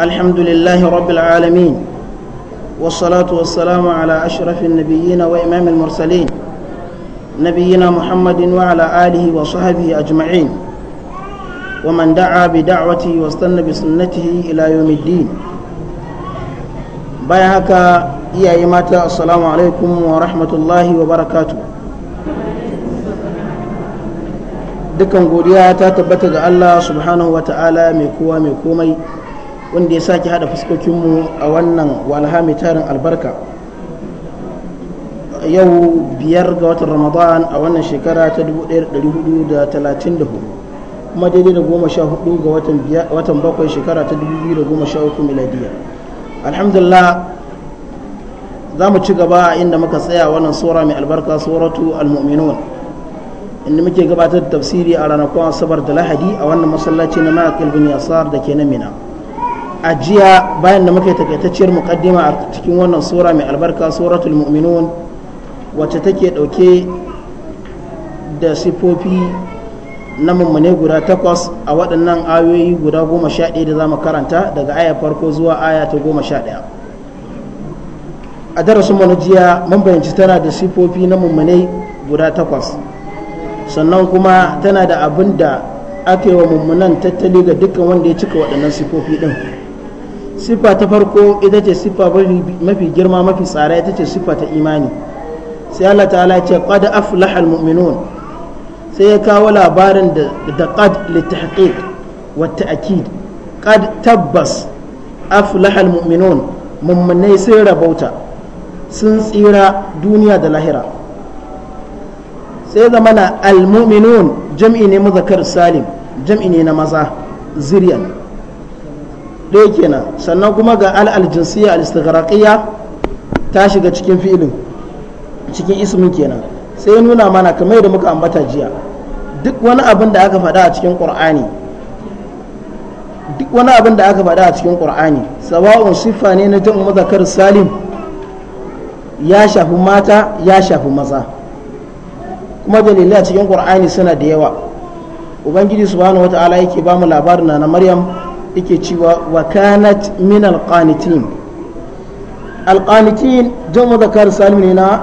الحمد لله رب العالمين والصلاة والسلام على أشرف النبيين وإمام المرسلين نبينا محمد وعلى آله وصحبه أجمعين ومن دعا بدعوته واستنى بسنته إلى يوم الدين بايعك يا ماتا السلام عليكم ورحمة الله وبركاته دكان godiya ta tabbata ga Allah subhanahu wa ta'ala mai kowa mai komai wanda ya sake hada fuskokinmu a wannan walha mai tarin albarka yau biyar ga watan ramadan a wannan shekara ta 1434 kuma daidai da goma sha hudu ga watan bakwai shekara ta 2013 miladiya alhamdulillah za mu ci gaba inda muka tsaya wannan sura mai albarka suratu al inda muke gabatar da tafsiri a ranakun asabar da lahadi a wannan masallaci na ma'akil bin yasar da ke na mina ajiya bayan da muke takaitacciyar mukaddima a cikin wannan sura mai albarka suratul mu'minun wacce take dauke da sifofi na mummune guda takwas a waɗannan ayoyi guda goma sha ɗaya da za mu karanta daga aya farko zuwa aya ta goma sha ɗaya a darasin mu na jiya mun bayanci tana da sifofi na mummune guda takwas sannan kuma tana da abin da aka yi wa mummunan tattali ga dukkan wanda ya cika waɗannan sifofi ɗin siffa ta farko ita ce siffa mafi girma mafi tsara ita ce siffa ta imani sai Allah ta'ala ce qad aflaha almu'minun sai ya kawo labarin da qad litahqiq wa ta'kid qad tabbas aflaha almu'minun mummunai sun rabauta sun tsira duniya da lahira sai zamana almu'minun jam'i ne muzakkar salim jam'i ne na maza zuriyan ɗaya kenan sannan kuma ga al'aljinsiyya al'istigharaƙiyya ta shiga cikin fi'ilin cikin ismin kenan sai nuna mana kamar da muka ambata jiya duk wani abin da aka faɗa a cikin ƙur'ani duk wani abin da aka faɗa a cikin sawa'un siffa ne na jin muzakkar salim ya shafi mata ya shafi maza kuma dalilai a cikin ƙur'ani suna da yawa ubangiji subhanahu wata'ala yake ba mu labarin na maryam yake cewa wa kanat min alqanitin alqanitin zakar salim ne na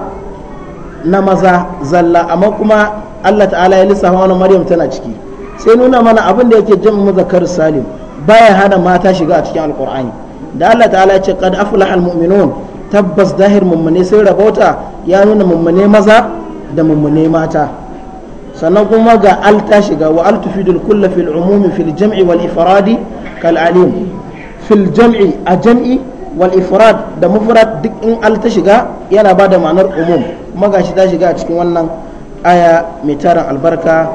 na maza zalla amma kuma Allah ta'ala ya lissafa wani maryam tana ciki sai nuna mana abin da yake jama zakar salim baya hana mata shiga a cikin alqur'ani da Allah ta'ala ya ce qad aflaha almu'minun tabbas dahir mummune sai rabota ya nuna mummune maza da mummune mata sannan kuma ga al ta shiga wa al tufidul kulla fil umumi fil jam'i wal ifradi kal'alim fil jam'i a jam'i wal ifrad da mufrad duk in al shiga yana ba da ma'anar umum kuma gashi ta shiga a cikin wannan aya mai tarin albarka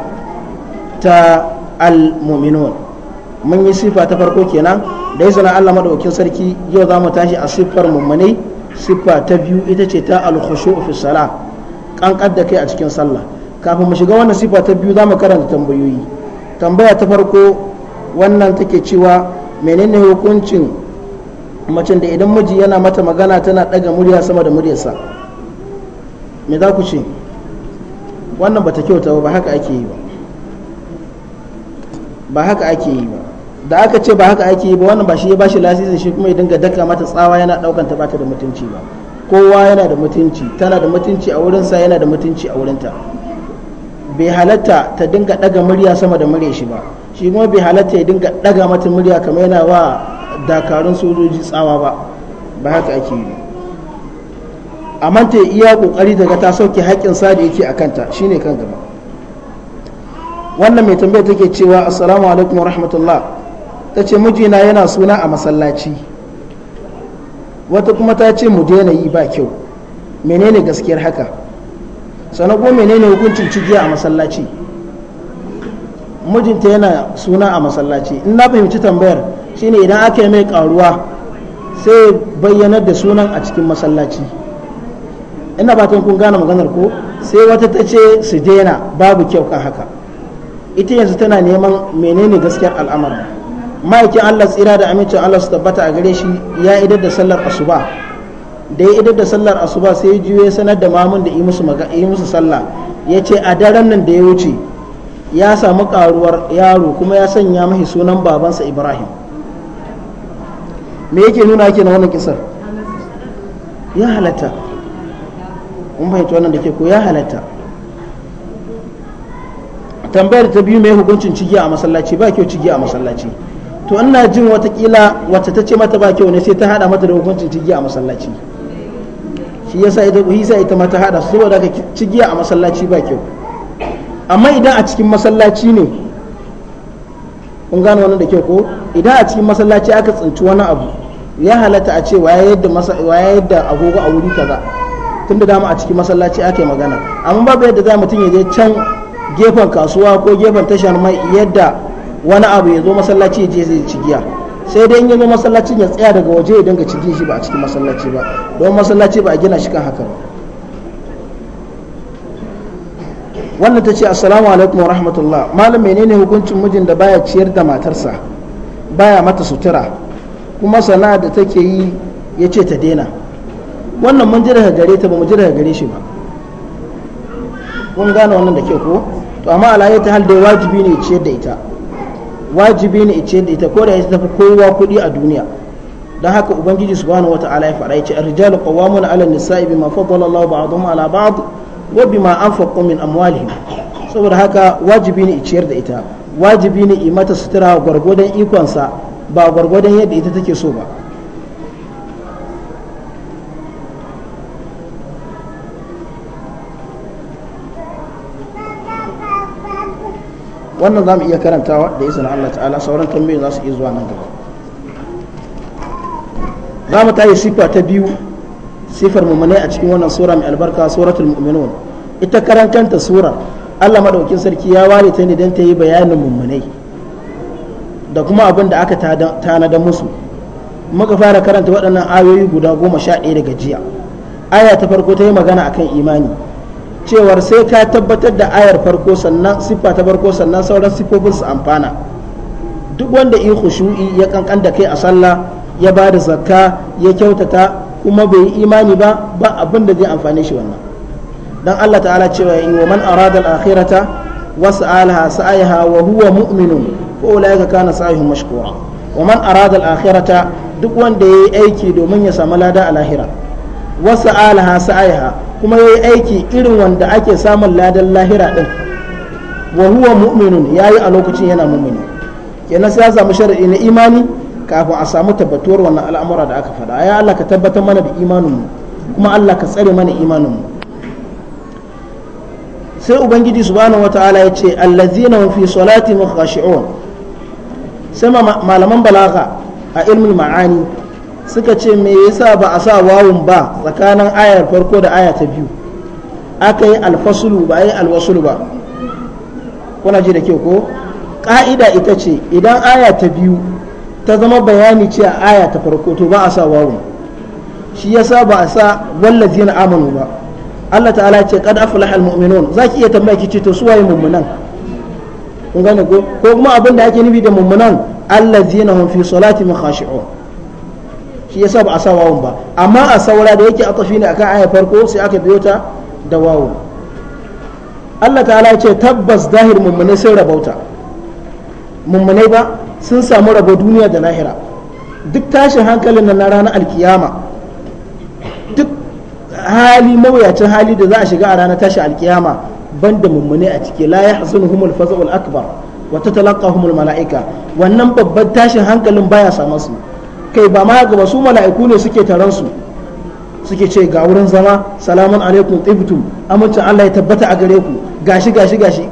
ta almuminu muminun yi sifa ta farko kenan da ya sanar Allah madaukakin sarki yau za tashi a siffar mummunai siffa ta biyu ita ce ta al-khushu fi da kai a cikin sallah kafin mu shiga wannan siffa ta biyu za mu karanta tambayoyi tambaya ta farko wannan take cewa menene hukuncin macen da idan miji yana mata magana tana daga murya sama da muryarsa me za ku ce wannan bata kyauta ba haka ake yi ba ba haka ake yi ba da aka ce ba haka ake yi ba wannan ba shi ya bashi lasisin shi kuma ya dinga daka mata tsawa yana daukan ta bata da mutunci ba kowa yana da mutunci tana da mutunci a wurinsa yana da mutunci a wurinta bai halatta ta dinga daga murya sama da murya shi ba shi kuma bai halatta ya dinga daga mata murya kamar yana wa dakarun sojoji tsawa ba ba haka ake yi amma ta iya kokari daga ta sauke haƙƙin sa da yake a kanta shine kan gaba wannan mai tambaya take cewa assalamu alaikum rahmatullah ta ce mijina yana suna a masallaci wata kuma ta ce mu daina yi ba kyau menene gaskiyar haka Sanako menene hukuncin cigiya a masallaci mijinta yana suna a masallaci in na fahimci tambayar shine idan aka yi mai karuwa sai bayyanar da sunan a cikin masallaci ina batun kun gane maganar ko sai wata ta ce su daina babu kyau Ka haka ita yanzu tana neman menene gaskiyar al'amarin ma'aikin allah tsira da amincin allah su tabbata a gare shi ya idar da sallar asuba da ya idar da sallar asuba sai ya juye sanar da mamun da yi musu sallah ya ce a daren nan da ya wuce ya samu karuwar yaro kuma ya sanya mahi sunan babansa ibrahim me yake nuna ake na wannan kisar ya halatta mun fahimci wannan da ke ko ya halatta tambayar ta biyu mai hukuncin cigiya a masallaci ba kyau cigiya a masallaci to ina jin watakila wacce ta ce mata ba kyau ne sai ta hada mata da hukuncin cigiya a masallaci shi yasa ita ita ma ta hada saboda cigiya a masallaci ba kyau amma idan a cikin masallaci ne kun gane wannan da ke ko idan a cikin masallaci aka tsinci wani abu ya halatta a ce waya yadda agogo a wuri kaza tunda dama a cikin masallaci ake magana amma babu yadda za mutum ya je can gefen kasuwa ko gefen tashar mai yadda wani abu ya zo masallaci ya je zai cigiya sai dai in ya zo masallacin ya tsaya daga waje ya dinga cigin shi ba a cikin masallaci ba don masallaci ba a gina shi kan haka ba wannan ta ce assalamu alaikum wa rahmatullah malam menene hukuncin mijin da baya ciyar da matarsa baya mata sutura kuma sana'a da take yi ya ce ta daina wannan mun ji daga gare ta ba mu ji daga gare shi ba kun gane wannan da ke ko to amma alaye ta hal dai wajibi ne ciyar da ita wajibi ne ciyar da ita ko da ita tafi kowa kuɗi a duniya don haka ubangiji subhanahu wata'ala ya faɗa ya ce ar-rijalu qawwamuna 'ala an-nisa'i bima faddala Allahu ba'dahum 'ala ba'd wa bima anfaqu min amwalihim saboda haka wajibi ne ciyar da ita wajibi ne i mata sutura gwargwadon ikonsa ba gwargwadon yadda ita take so ba wannan za mu iya karantawa da izinin Allah ta'ala sauran tambayoyi za su iya zuwa nan gaba za mu tayi sifa ta biyu sifar mummune a cikin wannan sura mai albarka suratul mu'minun ita karan kanta sura Allah Maɗaukin sarki ya ware ta ne don ta yi bayanin mummunai da kuma abin da aka tanada musu muka fara karanta waɗannan ayoyi guda goma sha ɗaya daga jiya aya ta farko ta yi magana akan imani cewar sai ka tabbatar da ayar farko sannan siffa ta farko sannan sauran siffofin su amfana duk wanda ihu shu'i ya kankan da kai a sallah ya ba da zakka ya kyautata kuma bai yi imani ba ba abin da zai amfane shi wannan dan Allah ta'ala cewa in wa man arada al-akhirata was'alaha sa'alaha wa huwa mu'minun fa ulaika kana sa'ihum mashkura wa man arada al-akhirata duk wanda yayi aiki domin ya samu lada a lahira was'alaha sa'alaha kuma yayi aiki irin wanda ake samun ladan lahira din wa huwa mu'minun yayi a lokacin yana mu'mini kenan sai ya samu sharadi na imani kafin a samu tabbatuwar wannan al'amura da aka faɗa ya Allah ka tabbatar mana da imaninmu kuma Allah ka tsare mana imaninmu sai ubangiji subhanahu wata'ala ya ce allazina fi salati khashi'un sai malaman balaga a ilmul ma'ani suka ce me yasa ba a sa wawun ba tsakanin ayar farko da aya ta biyu aka yi alfasulu ba yi alwasulu ba kuna ji da ke ko ka'ida ita ce idan aya ta biyu ta zama bayani ce a aya ta farko to ba a sa wawu shi yasa ba a sa zina amanu ba Allah ta'ala ce qad aflahal mu'minun zaki iya tambaya kice to suwaye mummunan kun gane ko ko kuma abin da ake nufi da mummunan allazina hum fi salati khashi'un shi yasa ba a sa wawun ba amma a saura da yake atafi ne akan aya farko sai aka biyo ta da wawu Allah ta'ala ce tabbas zahir mummune sai rabauta mummunai ba sun samu rabo duniya da lahira duk tashin hankalin nan na ranar alkiyama duk hali mawuyacin hali da za a shiga a ranar tashin alkiyama banda mummune a ciki la yahzunuhumul faza'ul akbar wa tatalaqahumul mala'ika wannan babban tashin hankalin baya samu su kai ba ma gaba su mala'iku ne suke taron su suke ce ga wurin zama salamun alaikum tibtum amincin Allah ya tabbata a gare ku gashi gashi gashi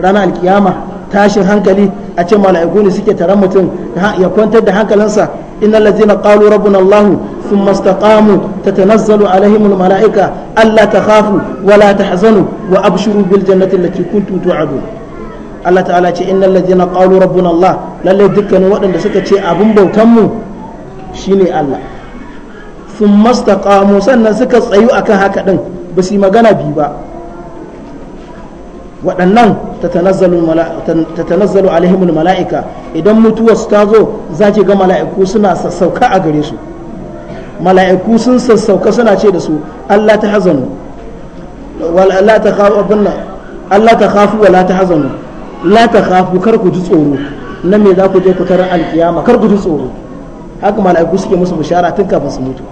ranar alkiyama tashin hankali a ce mala'iku ne suke taron mutum ya kwantar da hankalinsa innal na qalu rabbuna allah thumma istaqamu tatanazzalu alaihim al mala'ika alla takhafu wa la tahzanu wa abshiru bil jannati allati kuntum tu'adu Allah ta'ala ce innal ladzina qalu rabbuna allah lalle dukkanin waɗanda suka ce abun bautan mu shine Allah thumma istaqamu sannan suka tsayu akan haka din ba su yi magana bi ba waɗannan tatanazzalu alaihimul mala'ika idan mutuwar su ta zo za ki ga mala'iku suna sassauka a gare su mala'iku sun sassauka suna ce da su Allah ta hazanu Allah ta khafu wa la ta hazanu la ta khafu kar ku ji tsoro nan me za ku je ku tarar alkiyama kar ku ji tsoro haka mala'iku suke musu bishara tun kafin su mutu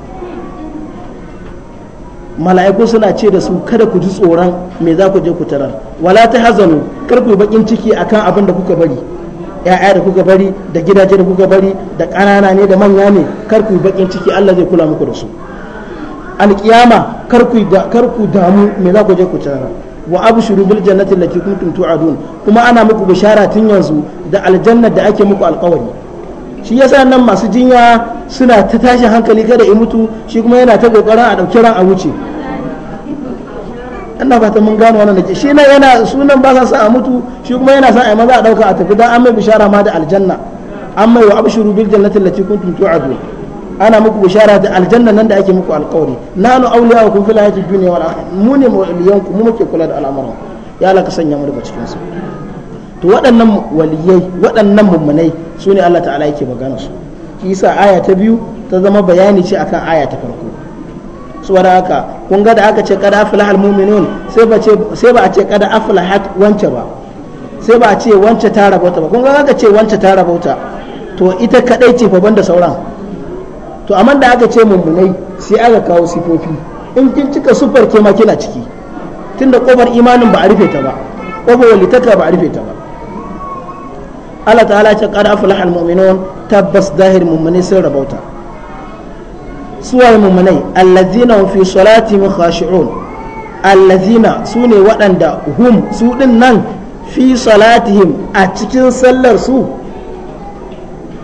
mala'iku suna ce da su kada ku ji tsoron me za ku je ku tarar wala ta hazanu kar ku bakin ciki akan abin da kuka bari ya'ya da kuka bari da gidaje da kuka bari da ƙanana ne da manya ne kar ku bakin ciki Allah zai kula muku da su alƙiyama kar ku kar damu me za ku je ku tarar wa abshuru bil jannati allati kuntum tu'adun kuma ana muku bishara tun yanzu da aljanna da ake muku alƙawari shi yasa nan masu jinya suna ta tashi hankali kada ya mutu shi kuma yana ta kokarin a dauki ran a wuce ina fata mun gano wannan dake shi nan yana sunan ba sa sa a mutu shi kuma yana sa a maza a ɗauka a tafi dan an mai bishara ma da aljanna an mai wa abshuru bil jannati allati kuntum tu'adun ana muku bishara da aljanna nan da ake muku alƙawari nanu awliya'ukum fil hayatid dunya wal akhirah mu ne mu muke kula da al'amuran ya laka sanya mu daga cikin su to waɗannan waliyai waɗannan mummunai su ne Allah ta'ala yake magana su isa aya ta biyu ta zama bayani ce akan aya ta farko saboda haka kun ga da aka ce kada aflahal mu'minun sai ba ce sai ba a ce kada aflahat wance ba sai ba a ce wance ta rabauta ba kun ga aka ce wance ta rabauta to ita kadai ce fa banda sauran to amma da aka ce mummunai sai aka kawo sifofi in kin cika sufar ke ma kina ciki tunda kofar imanin ba a rufe ta ba kofar walitaka ba a rufe ta ba Allah ta'ala ce qad aflaha mu'minun tabbas zahir mu'mini sun rabauta suwaye mu'minai allazina fi fi mu khashi'un allazina sune waɗanda hum su din nan fi salatihim a cikin sallar su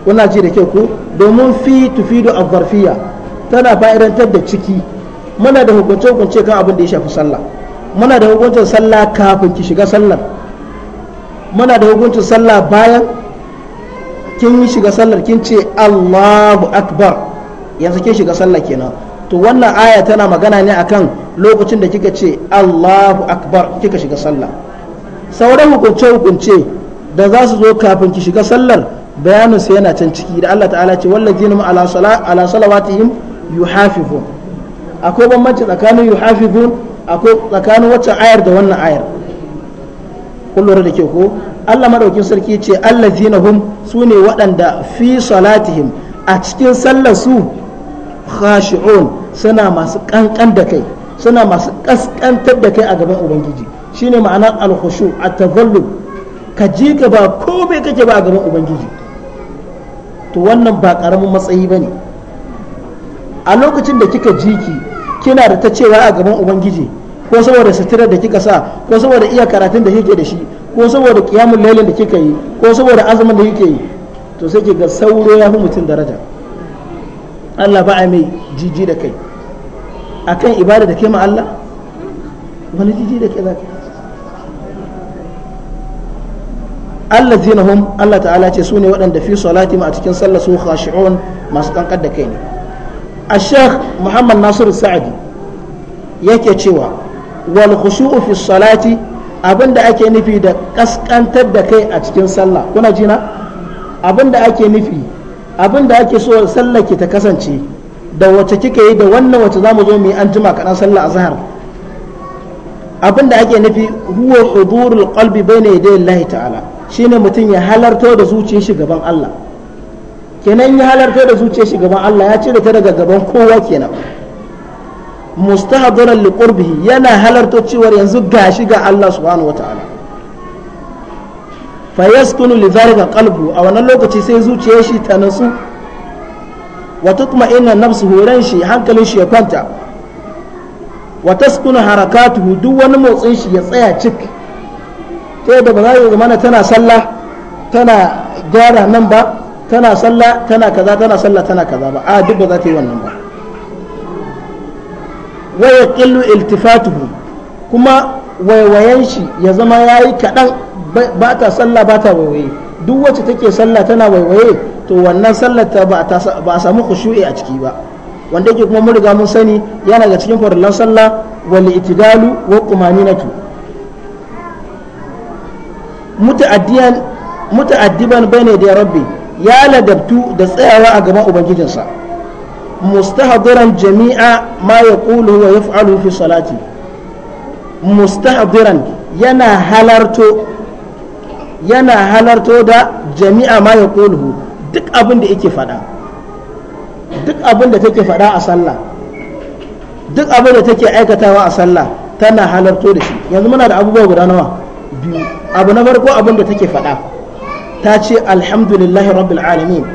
kuna ji da kyau ko domin fi tufidu azarfiya tana fa'idantar da ciki muna da hukunce hukunce kan abin da ya shafi sallah muna da hukuncin sallah kafin ki shiga sallar muna da hukuncin sallah bayan kin yi shiga sallar kin ce Allahu akbar yanzu kin shiga sallah kenan to wannan aya tana magana ne akan lokacin da kika ce Allahu akbar kika shiga sallah sauran hukunce hukunce da za su zo kafin ki shiga sallar bayanin sa yana can ciki da Allah ta'ala ce wallazina ala salat ala salawatihim yuhafizun akwai bambanci tsakanin yuhafizun akwai tsakanin wacce ayar da wannan ayar kullum da ke ko Allah madaukin sarki ce allazina hum sune waɗanda fi salatihim a cikin sallar su khashi'un suna masu kankan da kai suna masu kaskantar da kai a gaban ubangiji shine ma'anar al-khushu at-tazallub ka ji ka ba komai kake ba a gaban ubangiji to wannan ba ƙaramin matsayi bane a lokacin da kika jiki kina da ta cewa a gaban ubangiji ko saboda sutura da kika sa ko saboda iya karatun da kike da shi ko saboda kiyamun lailin da kika yi ko saboda azumin da kike yi to sai ga sauro ya fi mutum daraja Allah ba a mai jiji da kai a akan ibada da kai ma Allah wani jiji da kai za ka Allah zina hum Allah ta'ala ce su ne waɗanda fi salati ma a cikin sallah su khashi'un masu kankar da kai ne a sheikh muhammad nasiru sa'adi yake cewa wal khushu'u fi salati abinda ake nufi da kaskantar da kai a cikin sallah kuna jina abinda ake nufi abinda ake so sallah ki ta kasance da wacce kika yi da wannan wacce zamu zo mu yi an jima kaɗan sallah azhar abinda ake nufi huwa hudurul qalbi baina yaday Allah ta'ala shine mutum ya halarto da zuciyar shi gaban Allah kenan ya halarto da zuciyar shi gaban Allah ya cire ta daga gaban kowa kenan mustahdaran li yana halarta cewar yanzu gashi ga Allah subhanahu wataala fa yaskunu li dhalika qalbu a wannan lokaci sai zuciyar shi ta nasu wa tatma'inna nafsuhu ran shi hankalin shi ya kwanta wa taskunu harakatuhu duk wani motsin shi ya tsaya cik ta yadda ba za ya zamana tana sallah tana gyara nan ba tana sallah tana kaza tana sallah tana kaza ba a duk ba za ta yi wannan ba waya yaqillu iltifatuhu kuma waiwayen shi ya zama ya yi kaɗan ba ta sallah ba ta waiwaye duk wacce take sallah tana waiwaye to wannan sallar ta ba a samu khushu'i a ciki ba wanda yake kuma mun riga mun sani yana ga cikin farillan sallah wal itidalu wa qumaninatu muta'addiyan muta'addiban bane da rabbi ya ladabtu da tsayawa a gaban ubangijinsa مستحضرا جميع ما يقوله ويفعله في صلاته مستحضرا ينا هلرتو yana halarto da jami'a ma ya duk abin da yake faɗa duk take duk abin da take aikatawa a sallah tana halarto da shi yanzu muna da abubuwa guda nawa biyu abu na farko abin da take faɗa ta ce alhamdulillahi rabbil alamin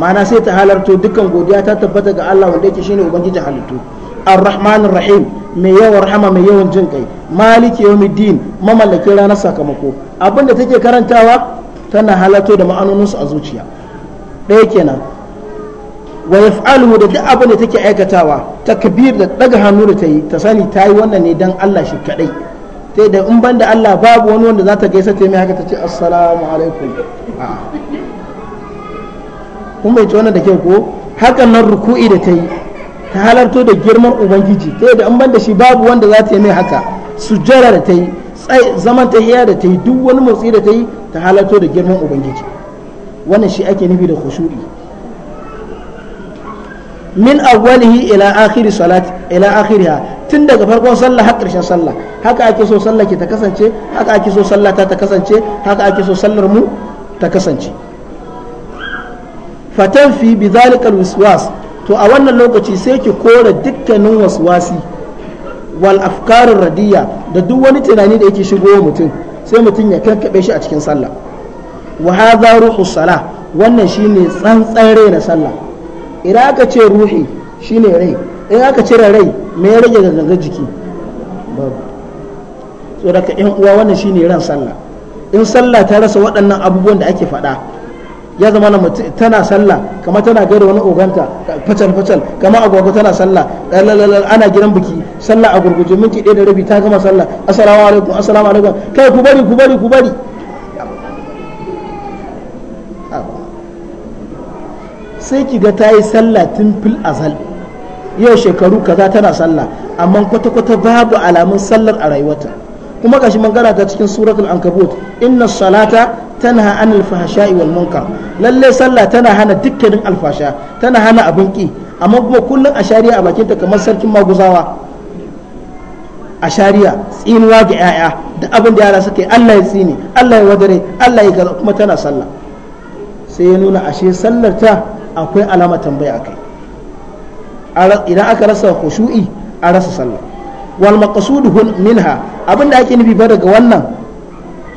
ma'ana sai ta halarto dukkan godiya ta tabbata ga Allah wanda yake shine ubangiji halittu ar-rahman rahim mai yawan rahama mai yawan jin kai maliki yawmiddin mamallakin ranar sakamako abinda take karantawa tana halarto da su a zuciya ɗaya kenan wa yaf'aluhu da duk abin da take aikatawa takbir da daga hannu da tayi ta sani ta yi wannan ne dan Allah shi kadai sai da in banda Allah babu wani wanda za ta gaisa ta mai haka ta ce assalamu alaikum kun bai wannan da kyau ko hakan nan ruku'i da ta yi ta halarto da girman ubangiji ta da an ban shi babu wanda za ta yi mai haka sujjara da ta yi zaman ta hiya da ta yi duk wani motsi da ta yi ta halarto da girman ubangiji wannan shi ake nufi da khushu'i min awwalihi ila akhiri salat ila akhiriha tun daga farkon sallah har ƙarshen sallah haka ake so sallah ki ta kasance haka ake so sallah ta ta kasance haka ake so sallar mu ta kasance fi bi zalikal waswas to a wannan lokaci sai ki kore dukkanin waswasi wal afkarin radiyya da duk wani tunani da yake shigo wa mutum sai mutum ya kankabe shi a cikin sallah wa hadha ruhu salah wannan shine tsantsan rai na sallah idan aka ce ruhi shine rai in aka cire rai me ya rage ga jiki so daga yan uwa wannan shine ran sallah in sallah ta rasa waɗannan abubuwan da ake faɗa ya zama na tana sallah kama tana gaida wani oganta fatal fatal kama agwagwa tana sallah dalalal ana gidan biki sallah a gurguje minti ɗaya da rabi ta gama sallah assalamu alaikum assalamu alaikum kai ku bari ku bari ku bari sai ki ga ta yi sallah tun fil azal yau shekaru kaza tana sallah amma kwata-kwata babu alamun sallar a rayuwarta kuma gashi magana ta cikin suratul ankabut inna salata tana hana alfahsha'i wal munkar lalle sallah tana hana dukkanin alfasha tana hana abin ki amma kuma kullun a shari'a a bakinta kamar sarkin maguzawa a shari'a tsinuwa ga yaya da abin da yara suke yi Allah ya tsini Allah ya wadare Allah ya gaza kuma tana sallah sai ya nuna ashe sallar ta akwai alama tambaya akai idan aka rasa khushu'i a rasa sallah wal maqsud minha abinda ake nufi ba daga wannan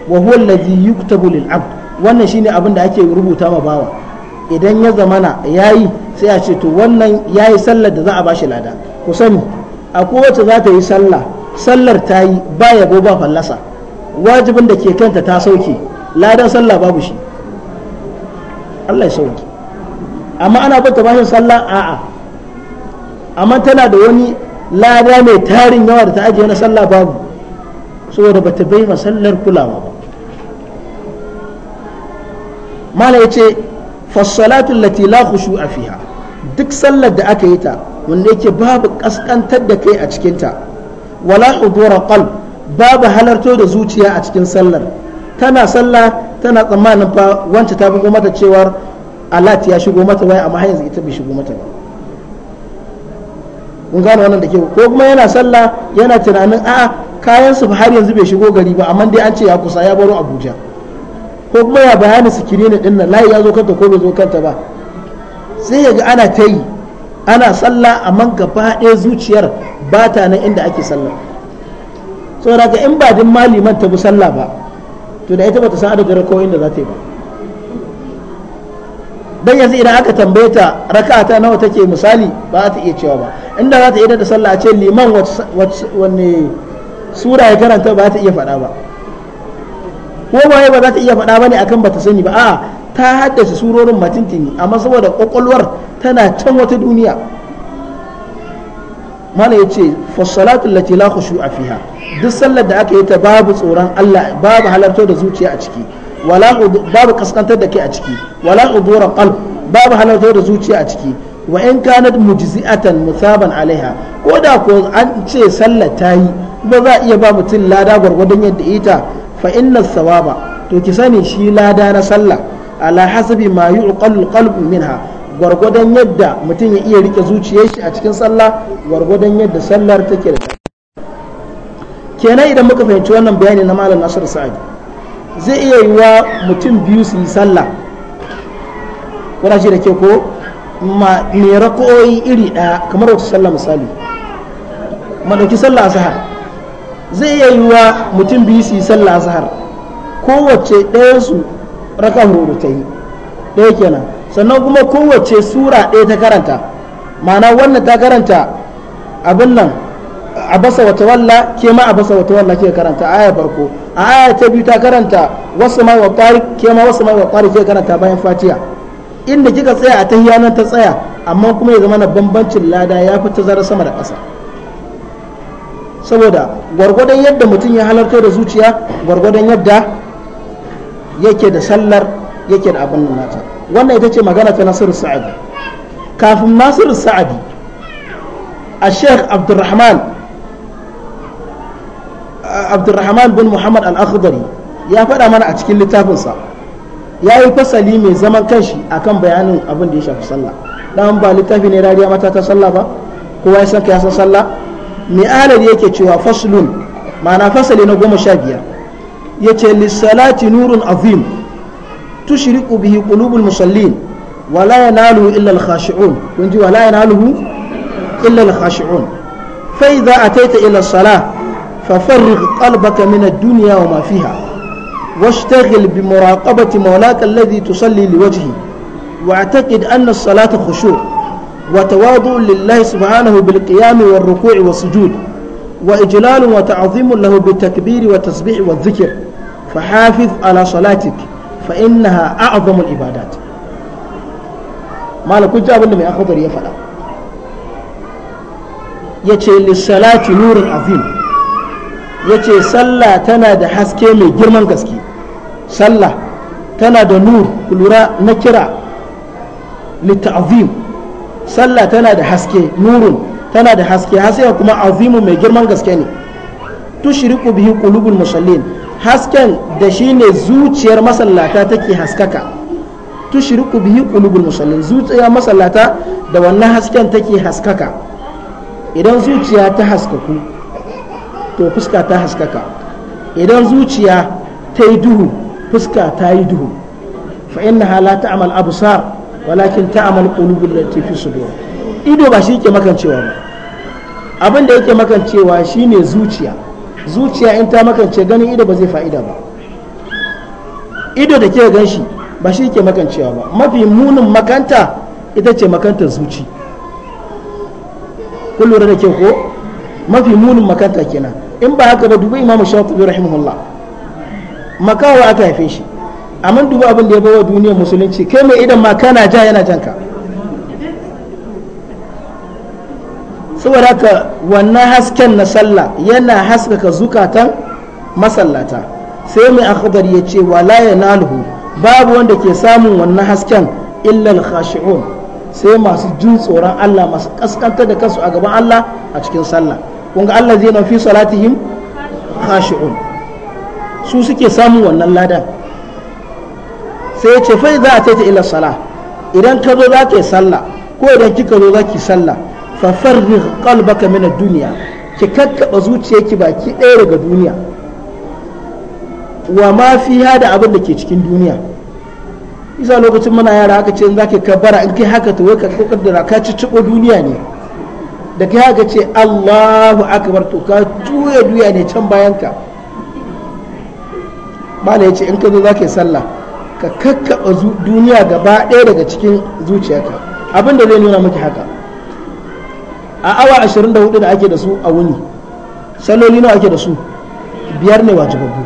wa huwa alladhi yuktabu lil abd wannan shine abinda ake rubuta ma bawa idan ya zamana yayi sai a ce to wannan yayi sallar da za a bashi lada ku sani akwai wacce za ta yi sallah sallar ta yi ba yabo ba fallasa wajibin da ke kanta ta sauke ladan sallah babu shi Allah ya sauki amma ana bata bashin sallah a'a amma tana da wani lada mai tarin yawa da ta ajiye na sallah babu saboda ba ta bai masallar kulawa ba mala ya ce fassalatun lati la a fiha duk sallar da aka yi ta wanda yake babu kaskantar da kai a cikinta wala hudura qalb babu halarto da zuciya a cikin sallar tana sallah tana tsammanin fa wancan ta bugo mata cewar alat ya shigo mata waya amma har yanzu ita bai shigo mata ba kun gane wannan da ke ko kuma yana sallah yana tunanin a kayan su har yanzu bai shigo gari ba amma dai an ce ya kusa ya baro Abuja ko kuma ya bayani sikiri ne dinnan layi ya zo kanta ko bai zo kanta ba sai ya ga ana ta yi ana sallah amma gaba ɗaya zuciyar ba ta nan inda ake sallah saboda in ba din maliman ta bi sallah ba to da ita bata san adadin rakawoyin da za ta yi ba dan yanzu idan aka tambaye ta raka'ata nawa take misali ba ta iya cewa ba inda za ta iya da sallah a ce liman wanne sura ya karanta ba ta iya faɗa ba ko ba ba za ta iya faɗa ba ne akan ba ta sani ba a'a ta haddace surorin matintini amma saboda kwakwalwar tana can wata duniya mana ya ce fassalatu lati la khushu'a fiha duk sallar da aka yi ta babu tsoron Allah babu halartar da zuciya a ciki wala babu kaskantar da kai a ciki wala udura qalb babu halartar da zuciya a ciki wa in kanat mujzi'atan musaban alaiha ko da ko an ce sallah ta yi ba za a iya ba mutum lada gwargwadon yadda ita fa inna sawaba to ki sani shi lada na sallah ala hasabi ma yuqallu qalb minha gwargwadon yadda mutum ya iya rike zuciyar shi a cikin sallah gwargwadon yadda sallar take da kenan idan muka fahimci wannan bayani na malam Nasiru Sa'id zai iya yi wa mutum biyu su yi sallah kuna shi da ke ko ma ne rako'oyi iri ɗaya kamar wasu sallah misali ma ɗauki sallah zahar zai iya yi wa mutum biyu su yi sallah zahar kowace ɗaya su raka horo ta yi ɗaya kenan sannan kuma kowace sura ɗaya ta karanta ma'ana wannan ta karanta abin nan a basa wata walla ke ma a basa wata walla ke karanta aya farko aya ta biyu ta karanta wasu mai wa ƙwari ke ma wasu mai wa ƙwari ke karanta bayan fatiya inda kika tsaya a tahiyya nan ta tsaya amma kuma ya zama na bambancin lada ya fi tazara sama da ƙasa saboda gwargwadon yadda mutum ya halarta da zuciya gwargwadon yadda yake da sallar yake da abin nan nata wannan ita ce magana ta nasiru sa'adi kafin nasiru sa'adi a sheikh abdulrahman abdurrahman bin muhammad al-akhdari ya faɗa mana a cikin littafinsa ya yi fasali mai zaman kanshi akan bayanin abin da ya shafi sallah dan ba littafi ne rariya mata ta sallah ba kowa ya san ka ya san sallah mai alar yake cewa faslun ma'ana fasali na goma sha biyar ya ce lissalati nurun azim tushriqu bihi qulubul musallin wala yanaluhu illa al-khashi'un kun ji wala yanaluhu illa al-khashi'un fa idza ataita ila salah ففرغ قلبك من الدنيا وما فيها واشتغل بمراقبة مولاك الذي تصلي لوجهه واعتقد أن الصلاة خشوع وتواضع لله سبحانه بالقيام والركوع والسجود وإجلال وتعظيم له بالتكبير والتسبيح والذكر فحافظ على صلاتك فإنها أعظم العبادات ما لك جاب لما أخضر يفعل يتشي للصلاة نور عظيم ya ce sallah tana da haske mai girman gaske sallah tana da nur lura na kira litta'azim sallah tana da haske nurun tana da haske haske kuma azimu mai girman gaske ne tushriku bihi qulubul musallin hasken da shine zuciyar masallata take haskaka tushriku bihi qulubul musallin zuciyar masallata da wannan hasken take haskaka idan zuciya ta haskaku to fuska ta haskaka idan zuciya ta yi duhu fuska ta yi duhu fa innaha la ta'mal absar walakin ta'mal qulubul lati fi sudur ido ba shi yake makancewa ba abin da yake makancewa shine zuciya zuciya in ta makance ganin ido ba zai fa'ida ba ido da ke gan shi ba shi yake makancewa ba mafi munin makanta ita ce makantar zuci kun da ke ko mafi munin makanta kenan in ba haka ba dubi imam shafi rahimahullah makawa aka haife shi amma dubi abin da ya bawa duniyar musulunci kai mai idan ma kana ja yana janka saboda haka wannan hasken na sallah yana haskaka zukatan masallata sai mai akhdar ya ce wala yanaluhu babu wanda ke samun wannan hasken illal khashi'un sai masu jin tsoron Allah masu kaskantar da kansu a gaban Allah a cikin sallah kun ga Allah zai fi salatihim khashi'un su suke samun wannan ladan sai ce fai za a taita ila sala idan ka zo za ka yi sallah ko idan kika zo za ki sallah fa farri kalbaka mina duniya ki kakkaɓa zuciyarki baki ɗaya daga duniya wa ma fiha da abin da ke cikin duniya isa lokacin muna yara haka ce in ka kabbara in kai haka ta ka kokar da ka ci duniya ne da ka haka ce Allahu akbar to ka juya duya ne can bayan ka ya yace in ka zo ka yi sallah ka kakkaba duniya gaba ɗaya daga cikin zuciyarka abin da zai nuna miki haka a awa 24 da ake da su a wuni salloli nawa ake da su biyar ne wajibabbu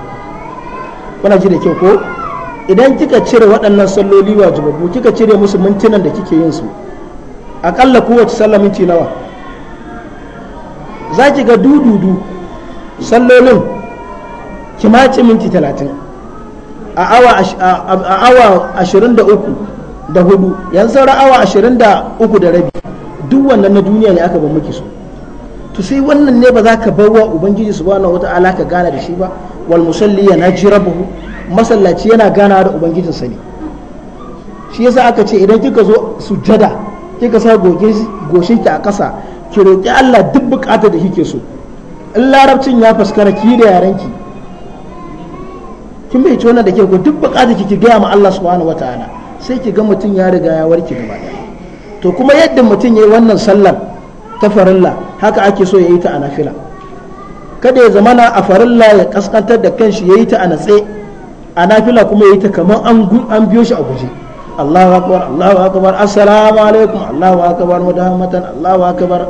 kuna ji da kyau ko idan kika cire waɗannan salloli wajibabbu kika cire musu mintunan da kike yin su aƙalla kowace sallah minti nawa za ki ga dududu sallolin kimaci minti talatin a awa ashirin da uku da hudu yanzu sauran awa ashirin da uku da rabi duk wannan na duniya ne aka ban miki su to sai wannan ne ba za ka bar wa ubangiji subhanahu wata alaka gana da shi ba wal musalli ya na jira buhu masallaci yana gana da ubangijin sa ne shi yasa aka ce idan kika zo sujada kika sa goshinki a ƙasa ki roƙi Allah duk buƙatar da kike so in larabcin ya fuskara ki da yarenki kin bai tona da ke ko duk bukatar kike gaya ma Allah subhanahu wataala sai ki ga mutum ya riga ya warke gaba to kuma yadda mutum ya yi wannan sallar ta farilla haka ake so ya yi ta a nafila kada ya zamana a farilla ya kaskantar da kanshi ya yi ta a natse a nafila kuma ya yi ta kamar an biyo shi a guje Allahu akbar Allahu akbar assalamu alaikum Allahu akbar mudahammatan Allahu akbar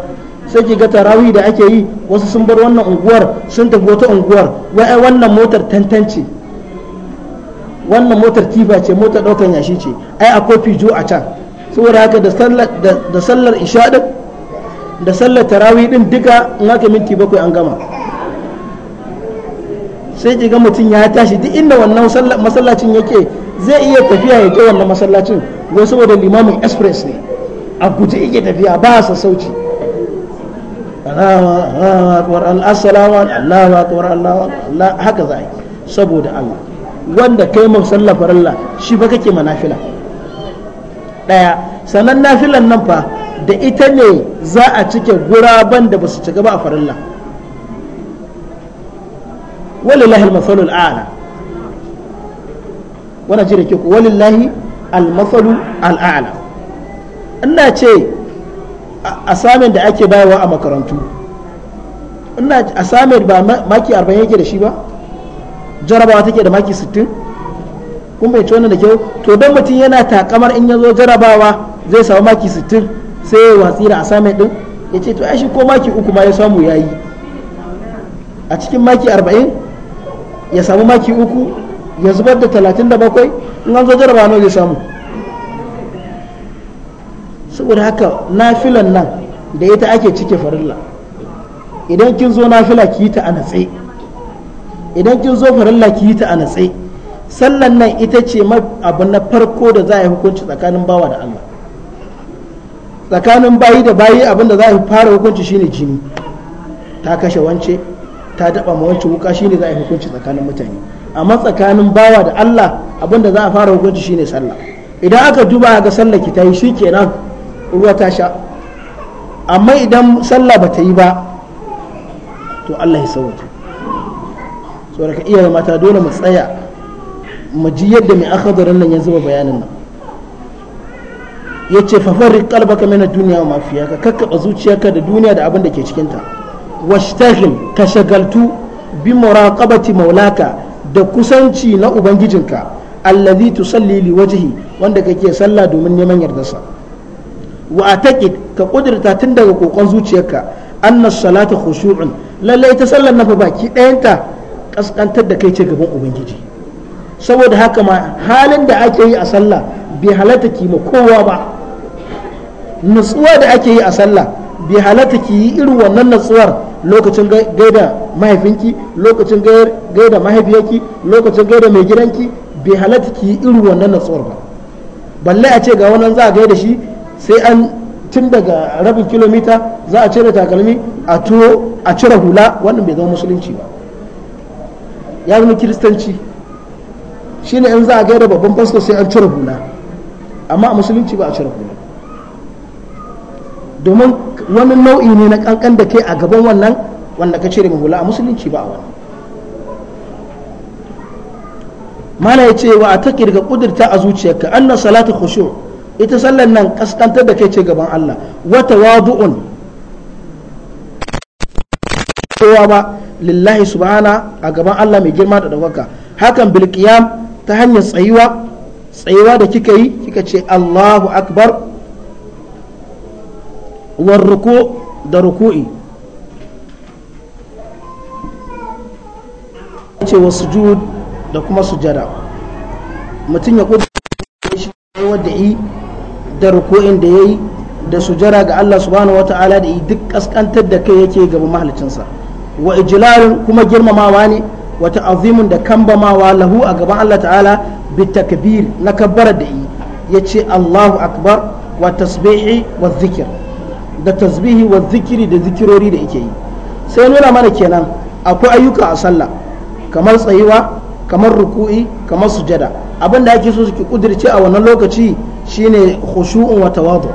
sai ki ga tarawih da ake yi wasu sun bar wannan unguwar sun tafi wata unguwar wai wannan motar tantance wannan motar tiba ce motar daukan yashi ce ai akwai fijo a can saboda haka da sallar isha din da sallar tarawih din duka in aka minti bakwai an gama sai ki ga mutum ya tashi duk inda wannan masallacin yake zai iya tafiya ya je wannan masallacin wai saboda limamin express ne a guje yake tafiya ba sa sauci haka za saboda Allah wanda kai musallafar Allah shi ba kake manafila daya sannan nafilan nan fa da ita ne za a cike guraben da ba su ci ba a farilla wallahi al-mathalul a'la wani ji da ke ku lahi almasalu al'ala ina ce a samun da ake bayarwa a makarantu ina a samun ba maki 40 yake da shi ba jarabawa take da maki 60 kun bai wannan da kyau to don mutum yana takamar in ya zo jarabawa zai samu maki 60 sai ya watsi da assignment din ya ce to ya shi ko maki uku ma ya samu ya yi a cikin maki 40 ya samu maki uku ya zubar da 37 in an zo jaraba nawa zai samu saboda haka nafilan nan da ita ake cike farilla idan kin zo nafila ki yi ta a natse idan kin zo farilla ki yi ta a natse sallan nan ita ce abu na farko da za a yi hukunci tsakanin bawa da Allah tsakanin bayi da bayi abin da za a yi fara hukunci shine jini ta kashe wance ta taɓa ma wance wuka shine za a yi hukunci tsakanin mutane amma tsakanin bawa da Allah abinda za a fara hukunci shine sallah idan aka duba ga sallah ki tayi shikenan ruwa ta sha amma idan sallah ba ta yi ba to Allah ya sauke so daga ga mata dole mu tsaya mu ji yadda mai akhadarin nan ya zuba bayanin nan yace fa farriq qalbaka min ad-dunya wa ma fiha ka kakkaba zuciyarka da duniya da abin da ke cikin ta washtagil ka shagaltu bi muraqabati maulaka da kusanci na ubangijinka allazi tusalli li wajhi wanda kake sallah domin neman yardarsa wa ataqid ka kudirta tun daga kokon zuciyarka anna salata khushu'un lalle ta sallar nafa baki ɗayanta kaskantar da kai ce gaban ubangiji saboda haka ma halin da ake yi a sallah bai halatta kima kowa ba nutsuwa da ake yi a sallah bai halatta ki yi irin wannan natsuwar lokacin gaida mahaifinki lokacin gaida mahaifiyarki lokacin gaida mai gidanki bai halatta ki yi irin wannan natsuwar ba balle a ce ga wannan za a gaida shi sai an tun daga rabin kilomita za a cire takalmi a tuwo a cire hula wannan bai zama musulunci ba ya zama kiristanci shine in za a gaida babban fasko sai an cire hula amma a musulunci ba a cire hula domin wani nau'i ne na kankan da ke a gaban wannan wanda ka cire hula a musulunci ba a mana ya ce wa a ta kirga kudurta a zuciyarka anna salatu khushu ita sallan nan kaskantar da kai ce gaban Allah wa tawadu'un kowa ba lillahi subhana a gaban Allah mai girma da dawaka hakan bilkiyam ta hanyar tsayuwa tsayuwa da kika yi kika ce Allahu akbar war ruku da ruku'i ce wa sujud da kuma sujada mutum ya kudu shi wadda yi da ruku'in da ya da sujara ga Allah subhanahu wa ta'ala da duk kaskantar da kai yake gaba mahalicinsa wa ijlalun kuma girmamawa ne wata ta'azimun da kambamawa lahu a gaban Allah ta'ala bi takbir na kabbara da yi yace Allahu akbar wa tasbihi wa zikir da tasbihi wa zikiri da zikirori da yake yi sai nuna mana kenan akwai ayyuka a sallah kamar tsayuwa kamar ruku'i kamar sujada abin da ake so su ki kudirce a wannan lokaci shine khushu'un wa tawadu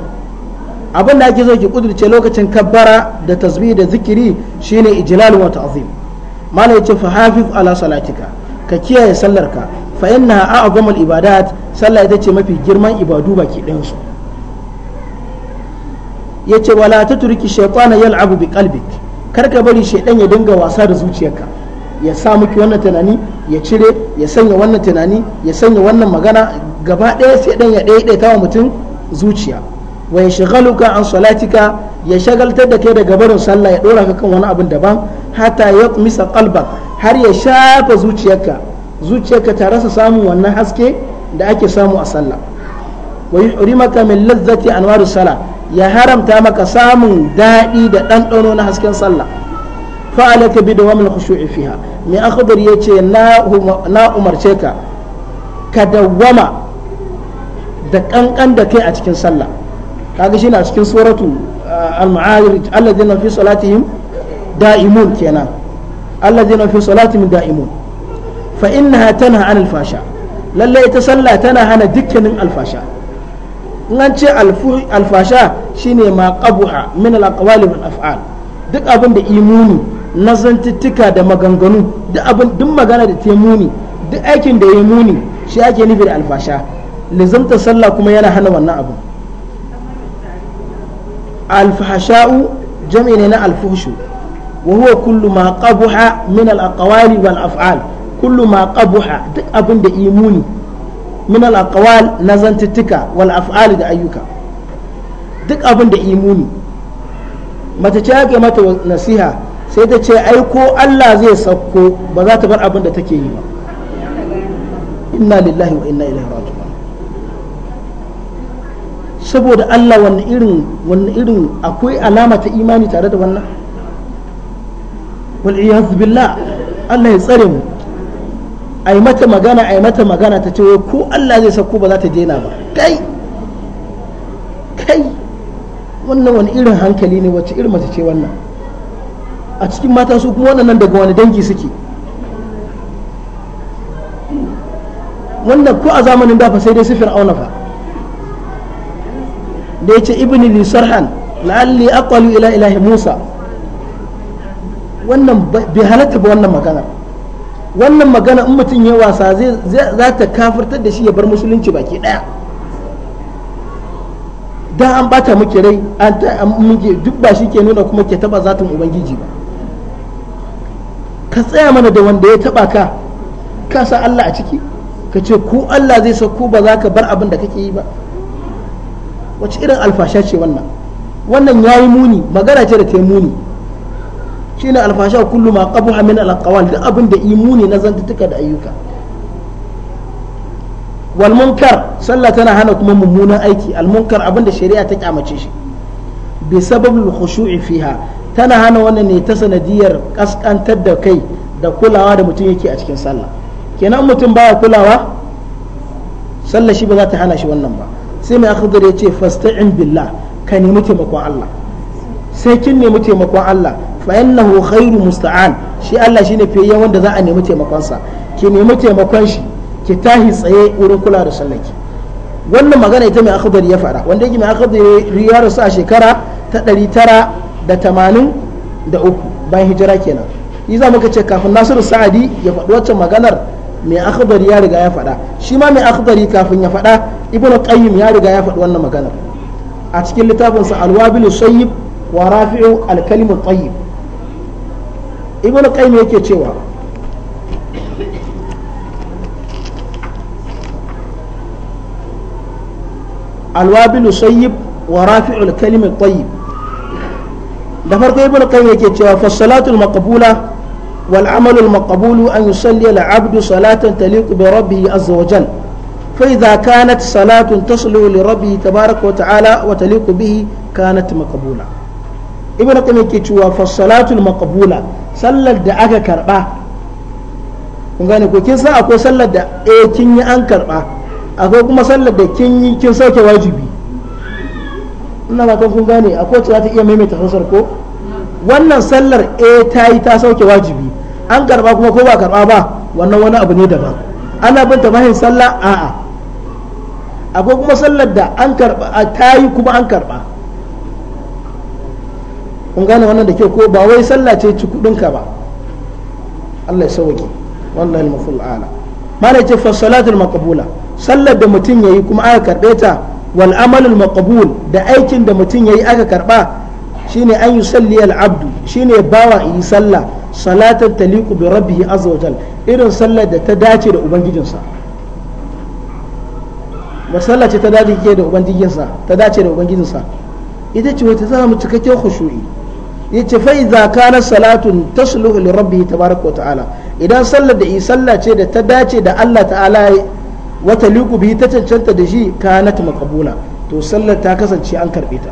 abin da ake so ki kudirce lokacin kabbara da tasbihi da zikiri shine ijlalun wa ta'zim mana yace fa hafiz ala salatika ka kiyaye sallarka fa innaha a'zamul ibadat sallah ita ce mafi girman ibadu baki ɗayan su Ya ce wala taturki shaytana yal'abu bi qalbik kar ka bari shaydan ya dinga wasa da zuciyarka ya sa miki wannan tunani ya cire ya sanya wannan tunani ya sanya wannan magana gaba ɗaya sai dan ya daidaita wa mutum zuciya wa yashghaluka an salatika ya shagaltar da kai daga barin sallah ya dora ka kan wani abin daban hatta yaqmisa qalbak har ya shafa zuciyarka zuciyarka ta rasa samun wannan haske da ake samu a sallah wa yuhrimaka min lazzati anwaru salah ya haramta maka samun daɗi da ɗanɗano na hasken sallah fa'alaka bi da wamin khushu'i fiha mai akhbar ya ce na umarce ka ka dawwama da ƙanƙan da kai a cikin sallah kaga shi na cikin suratu uh, al-ma'arij alladhina fi salatihim da'imun kenan alladhina fi salatihim da'imun fa innaha tanha 'anil fasha lalle ita sallah tana hana dukkanin alfasha in alfasha shine ma qabuha min alaqwali wal af'al duk abin da imuni na zantuttuka da maganganu duk abin duk magana da ta muni duk aikin da ya muni shi ake nufi da alfasha lizamta sallah kuma yana hana wannan abu alfahasha'u jam'i ne na alfuhshu wa huwa kullu ma qabuha min al'aƙawali wal af'al kullu ma qabuha duk abin da imuni min al-aqwal na zantuttuka wal af'al da ayyuka duk abin da imuni mata ce ake mata nasiha sai ta ce ai ko Allah zai sauko ba za ta bar abin da take yi ba inna lillahi wa inna ilaihi raji'un saboda Allah wani irin irin akwai alama ta imani tare da wannan wal iyaz billah Allah ya tsare mu ai mata magana ai mata magana ta ce ko Allah zai sako ba za ta daina ba kai kai wannan wani irin hankali ne wacce irin mace ce wannan a cikin mata su kuma wannan daga wani dangi suke wannan ko a zamanin dafa sai dai sifir auna fa da ya ce ibni li sarhan la'alli aqalu ila ilahi musa wannan bi halatta ba wannan magana wannan magana in mutum ya wasa za ta kafirtar da shi ya bar musulunci baki daya da an bata muke rai an ta muke duk ba shi ke nuna kuma ke taba zatin ubangiji ba ka tsaya mana da wanda ya taba ka ka sa Allah a ciki ka ce ko Allah zai sauko ba za ka bar abin da kake yi ba wace irin alfasha ce wannan wannan yayi muni magana ce da ta yi muni shine alfasha kullu ma qabaha min alaqwal duk abin da imuni na zantuka da ayyuka wal munkar sallah tana hana kuma mummunan aiki al munkar abin da shari'a ta kyamace shi bi sababul khushu'i fiha tana hana wannan ne ta sanadiyar kaskantar da kai da kulawa da mutum yake a cikin sallah kenan mutum baya kulawa sallah shi ba za ta hana shi wannan ba sai mai akhdar ya ce fasta'in billah ka nemi taimakon Allah sai kin nemi taimakon Allah fa innahu khairu musta'an shi Allah shine fiye wanda za a nemi taimakon ki nemi taimakon shi ki tahi tsaye wurin kula da sallaki wannan magana ita mai akhdari ya fara wanda yake mai akhdari ya rasu a shekara ta 983 bayan hijira kenan yi za muka ce kafin nasiru sa'adi ya faɗi waccan maganar mai akhdari ya riga ya faɗa shi ma mai akhdari kafin ya faɗa ibnu qayyim ya riga ya faɗi wannan maganar a cikin littafinsa alwabilu sayyib wa rafi'u alkalimu tayyib ibn qayyim yake cewa alwabilu sayyib wa rafi'ul kalimi tayyib da farko ibn qayyim yake cewa fa salatul maqbula wal amalul al maqbulu an yusalli al abdu salatan taliqu bi rabbih azza wa jalla فإذا كانت صلاة تصل لربه تبارك وتعالى وتليق به كانت مقبولة ابن قيم كيتوا فالصلاة المقبولة sallar da aka karba kun gane ko kin san akwai sallar da eh kin yi an karba akwai kuma sallar da kin yi kin sauke wajibi ina ba kun gane akwai wacce za ta iya maimaita fasar ko wannan sallar eh ta yi ta sauke wajibi an karba kuma ko ba karba ba wannan wani abu ne daban ana bin ta mahin sallah a'a akwai kuma sallar da an karba ta yi kuma an karba kun gane wannan da kyau ko ba wai sallah ce ci kudinka ba Allah ya sauke wallahi al-maful ala mana ce fa salatul maqbula sallar da mutum yayi kuma aka karbe ta wal amalul maqbul da aikin da mutum yayi aka karba shine an yusalli al-abdu shine bawa yi sallah salatan taliqu bi rabbih azza wa jal irin sallar da ta dace da ubangijinsa ba sallah ce ta dace da ubangijinsa ta dace da ubangijinsa ita ce wata za mu cikakken khushu'i yace fa idza kana salatun tasluhu li rabbi tabaraka wa ta'ala idan sallar da sallah ce da ta dace da Allah ta'ala wata liku biyu ta cancanta da shi kanat maqbula to sallar ta kasance an karbe ta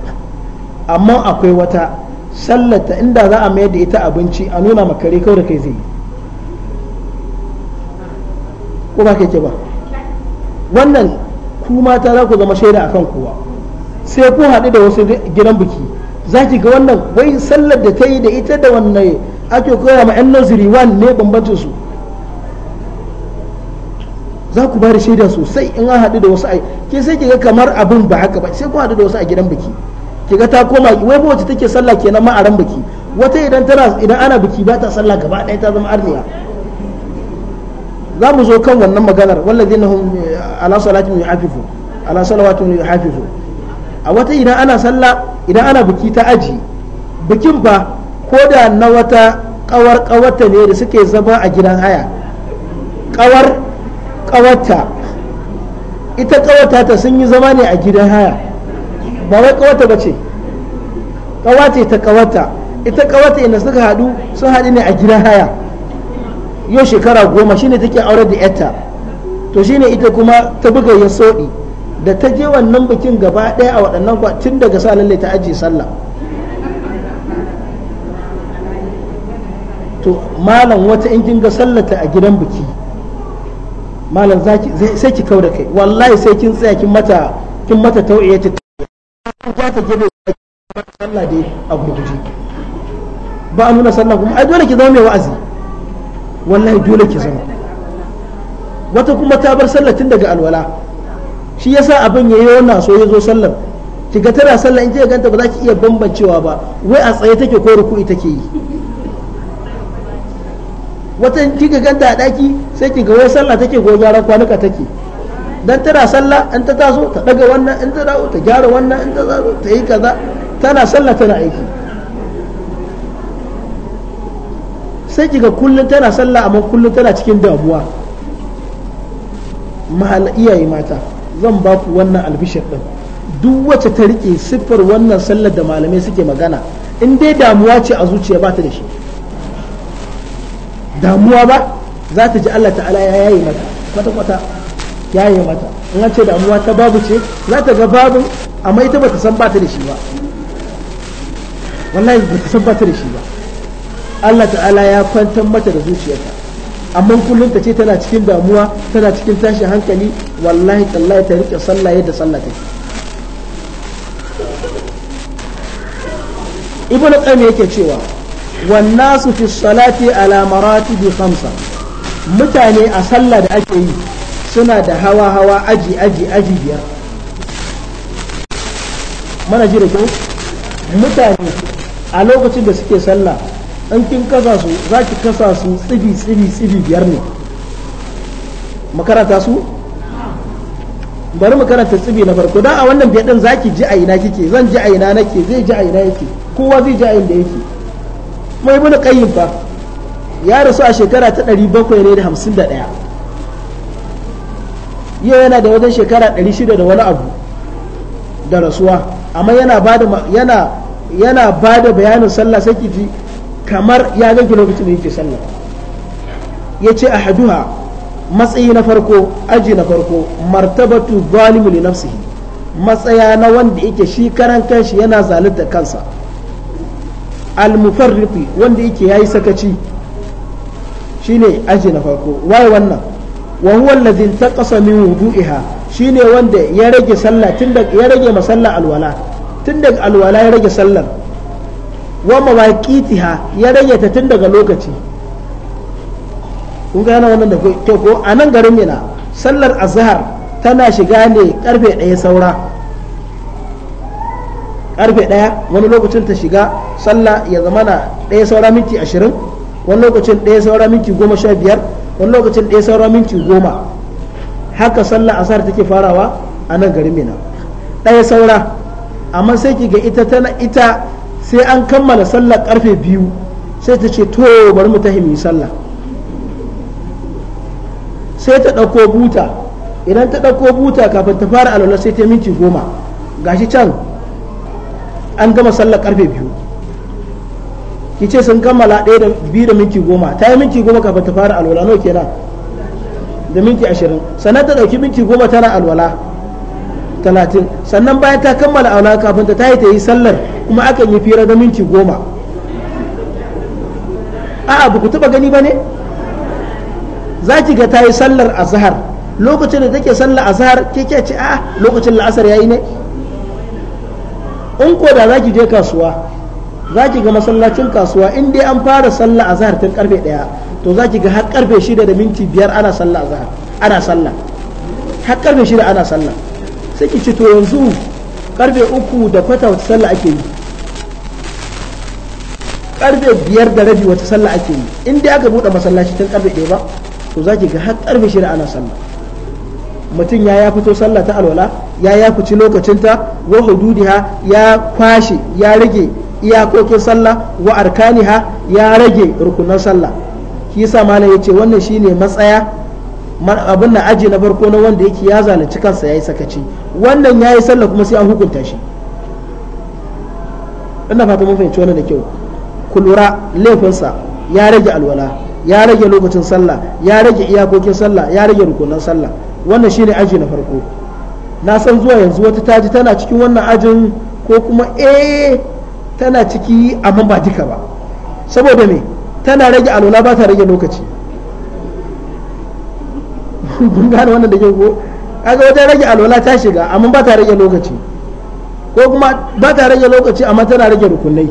amma akwai wata sallar ta inda za a mayar da ita abinci a nuna makare kawai da kai zai yi ko ba kake ba wannan ku mata za ku zama shaida akan kowa sai ku haɗu da wasu gidan biki za ki ga wannan wai sallar da ta yi da ita da wannan ake koya ma 'yan nazari one ne bambancin su za ku bada shaida sosai in an haɗu da wasu ai ke sai ki ga kamar abin ba haka ba sai ku haɗu da wasu a gidan biki ki ga ta koma wai ba wacce take sallah kenan ma a ran biki wata idan tana idan ana biki ba ta sallah gaba ɗaya ta zama arniya za mu zo kan wannan maganar wallazina hum ala salatin yuhafifu ala salawatin yuhafifu a wata idan ana sallah idan ana biki ta aji bikin ba ko da na wata kawar kawarta ne da suke zama a gidan haya kawar kawarta ita kawarta ta sun yi zama ne a gidan haya ba wai kawarta ba ce kawace ta kawarta ita kawarta inda suka haɗu sun haɗu ne a gidan haya yau shekara goma shine take aure da yarta to shine ita kuma ta buga ya soɗi da ta je wannan bikin gaba ɗaya a waɗannan tun daga sa lalle ta ajiye sallah to malam wata in kin ga sallata a gidan biki malam sai ki kau da kai wallahi sai kin tsaya kin mata kin mata tau'iya ta ta ta gebe sallah dai a gurguje ba a nuna sallah kuma ai dole ki zama mai wa'azi wallahi dole ki zama wata kuma ta bar sallah tun daga alwala shi yasa abin yayi wannan so ya zo sallar kiga tana sallar in je ganta ba za ki iya bambancewa ba wai a tsaye take ko ruku'i take yi wata kika ganta a daki sai kiga wai sallah take ko gyaran kwanuka take dan tana sallah in ta taso ta daga wannan in ta dawo ta gyara wannan in ta taso ta yi kaza tana sallah tana aiki sai kiga kullum tana sallah amma kullum tana cikin damuwa mahal iyaye mata zan ba ku wannan albishir din duk wacce ta rike siffar wannan sallar da malamai suke magana in dai damuwa ce a zuciya ba ta da shi damuwa ba za ta ji Allah ta'ala ya yayi mata kwata kwata ya yi mata in an ce damuwa ta babu ce za ta ga babu amma ita bata san bata da shi ba wallahi bata san ba ta da shi ba Allah ta'ala ya kwantar mata da zuciyarta amma kullum ta ce tana cikin damuwa tana cikin tashi hankali wallahi tallahi ta rike sallah yadda sallah take ibnu qayyim yake cewa wan nasu fi salati ala maratibi khamsa mutane a sallah da ake yi suna da hawa hawa aji aji aji biyar mana ji da kyau mutane a lokacin da suke sallah an kin kasa su za ki kasa su tsibi tsibi tsibi biyar ne makaranta su bari mu karanta tsibi na farko don a wannan biyar din ki ji a ina kike zan ji a ina nake zai ji a ina yake kowa zai ji a inda yake mai bani qayyim fa ya rasu a shekara ta 751 yau yana da wajen shekara 600 da wani abu da rasuwa amma yana ba yana yana bayanin sallah sai ki ji kamar ya ganki lokacin da yake sallah ya ce ahaduha matsayi na farko aji na farko martabatu zalimu li nafsihi matsaya na wanda yake shi karan kanshi yana zalunta kansa almufarrifi wanda yake yayi sakaci shine aji na farko waye wannan wa huwa alladhi taqasa min wudu'iha shine wanda ya rage sallah ya rage masalla alwala tun daga alwala ya rage sallar wa mawaqitiha ya rage ta tun daga lokaci kun gane wannan da ke ko a nan garin mina sallar azhar tana shiga ne karfe ɗaya saura karfe ɗaya wani lokacin ta shiga sallah ya zamana ɗaya saura minti ashirin wani lokacin ɗaya saura minti goma sha biyar wani lokacin ɗaya saura minti goma haka sallar azhar take farawa a nan garin mina ɗaya saura amma sai ki ga ita tana ita sai an kammala sallar karfe biyu sai ta ce to bari mu tahi mu sallah sai ta ɗauko buta idan ta ɗauko buta kafin ta fara alwala sai ta minti goma gashi can an gama sallar karfe biyu ki ce sun kammala ɗaya da biyu da minti goma ta yi minti goma kafin ta fara alwala nawa kenan da minti ashirin sannan ta ɗauki minti goma tana alwala talatin sannan bayan ta kammala aula kafin ta yi ta yi sallar kuma akan yi fira da minti goma a'a ba ku taba gani ba ne za ki ga ta yi sallar azhar lokacin da take sallar azhar ke ke ce a'a lokacin la'asar yayi ne in ko da za ki je kasuwa za ki ga masallacin kasuwa in dai an fara sallar azhar tun karfe daya to za ki ga har karfe shida da minti biyar ana sallar azhar ana sallar har karfe shida ana sallar. sai ki ce to yanzu karfe uku da kwata wata sallah ake yi karfe biyar da rabi wata sallah ake yi in dai aka buɗe masallaci tun karfe ɗaya ba to za ki ga har karfe shida ana sallah mutum ya ya fito sallah ta alwala ya ya kuci lokacinta wa hududiha ya kwashe ya rage iyakokin sallah wa ha ya rage rukunan sallah shi malam ya ce wannan shine matsaya abin na aji na farko na wanda yake ya zalunci kansa ya yi sakaci wannan ya yi sallah kuma sai an hukunta shi ina fata mun fahimci wannan da kyau ku lura laifinsa ya rage alwala ya rage lokacin sallah ya rage iyakokin sallah ya rage rukunan sallah wannan shine aji na farko na san zuwa yanzu wata taji tana cikin wannan ajin ko kuma eh tana ciki amma ba duka ba saboda me tana rage alwala ba ta rage lokaci kun gane da ke ko kaga wajen rage alwala ta shiga amma ba ta rage lokaci ko kuma ba ta rage lokaci amma tana rage rukunai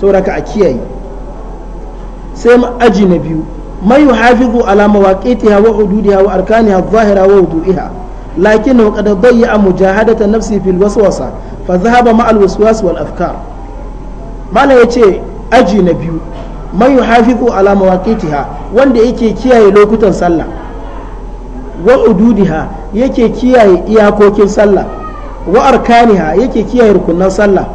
sauraka a kiyaye sai mu aji na biyu mayu yuhafizu ala alama wa hududiha wa arkaniha adh-dhahira wa wudu'iha lakin wa a dayya mujahadata nafsi fil wasa fa dhahaba ma al wasu wal afkar ya ce aji na biyu mayu man yuhafizu ala mawaqitiha wanda yake kiyaye lokutan sallah wa ududiha yake kiyaye iyakokin sallah wa arkaniha yake kiyaye rukunan sallah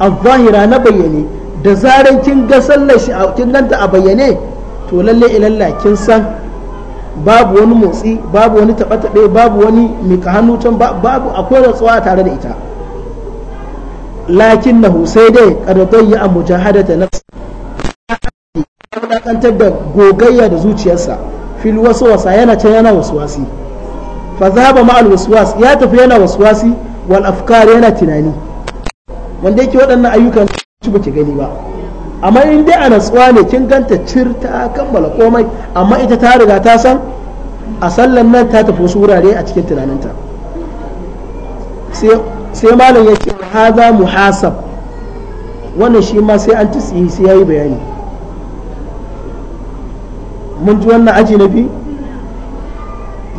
al-zahira na bayyane da zaran kin ga sallar shi kin ganta a bayyane to lalle ilalla kin san babu wani motsi babu wani taɓe babu wani mika hannu can babu akwai rantsuwa tare da ita lakin na sai dai yi ya mujahada ta nafsa ya da gogayya da zuciyarsa fil waswasa yana can yana waswasi fa zaba ma al waswas ya tafi yana waswasi wal afkar yana tunani wanda yake waɗannan ayyukan shi ba ki gani ba amma in dai a natsuwa ne kin ganta cirta kammala komai amma ita ta riga ta san a sallan nan ta tafi wasu wurare a cikin tunaninta sai malam ya ce haza muhasab wannan shi ma sai an ci sai ya yi bayani mun ji wannan aji na bi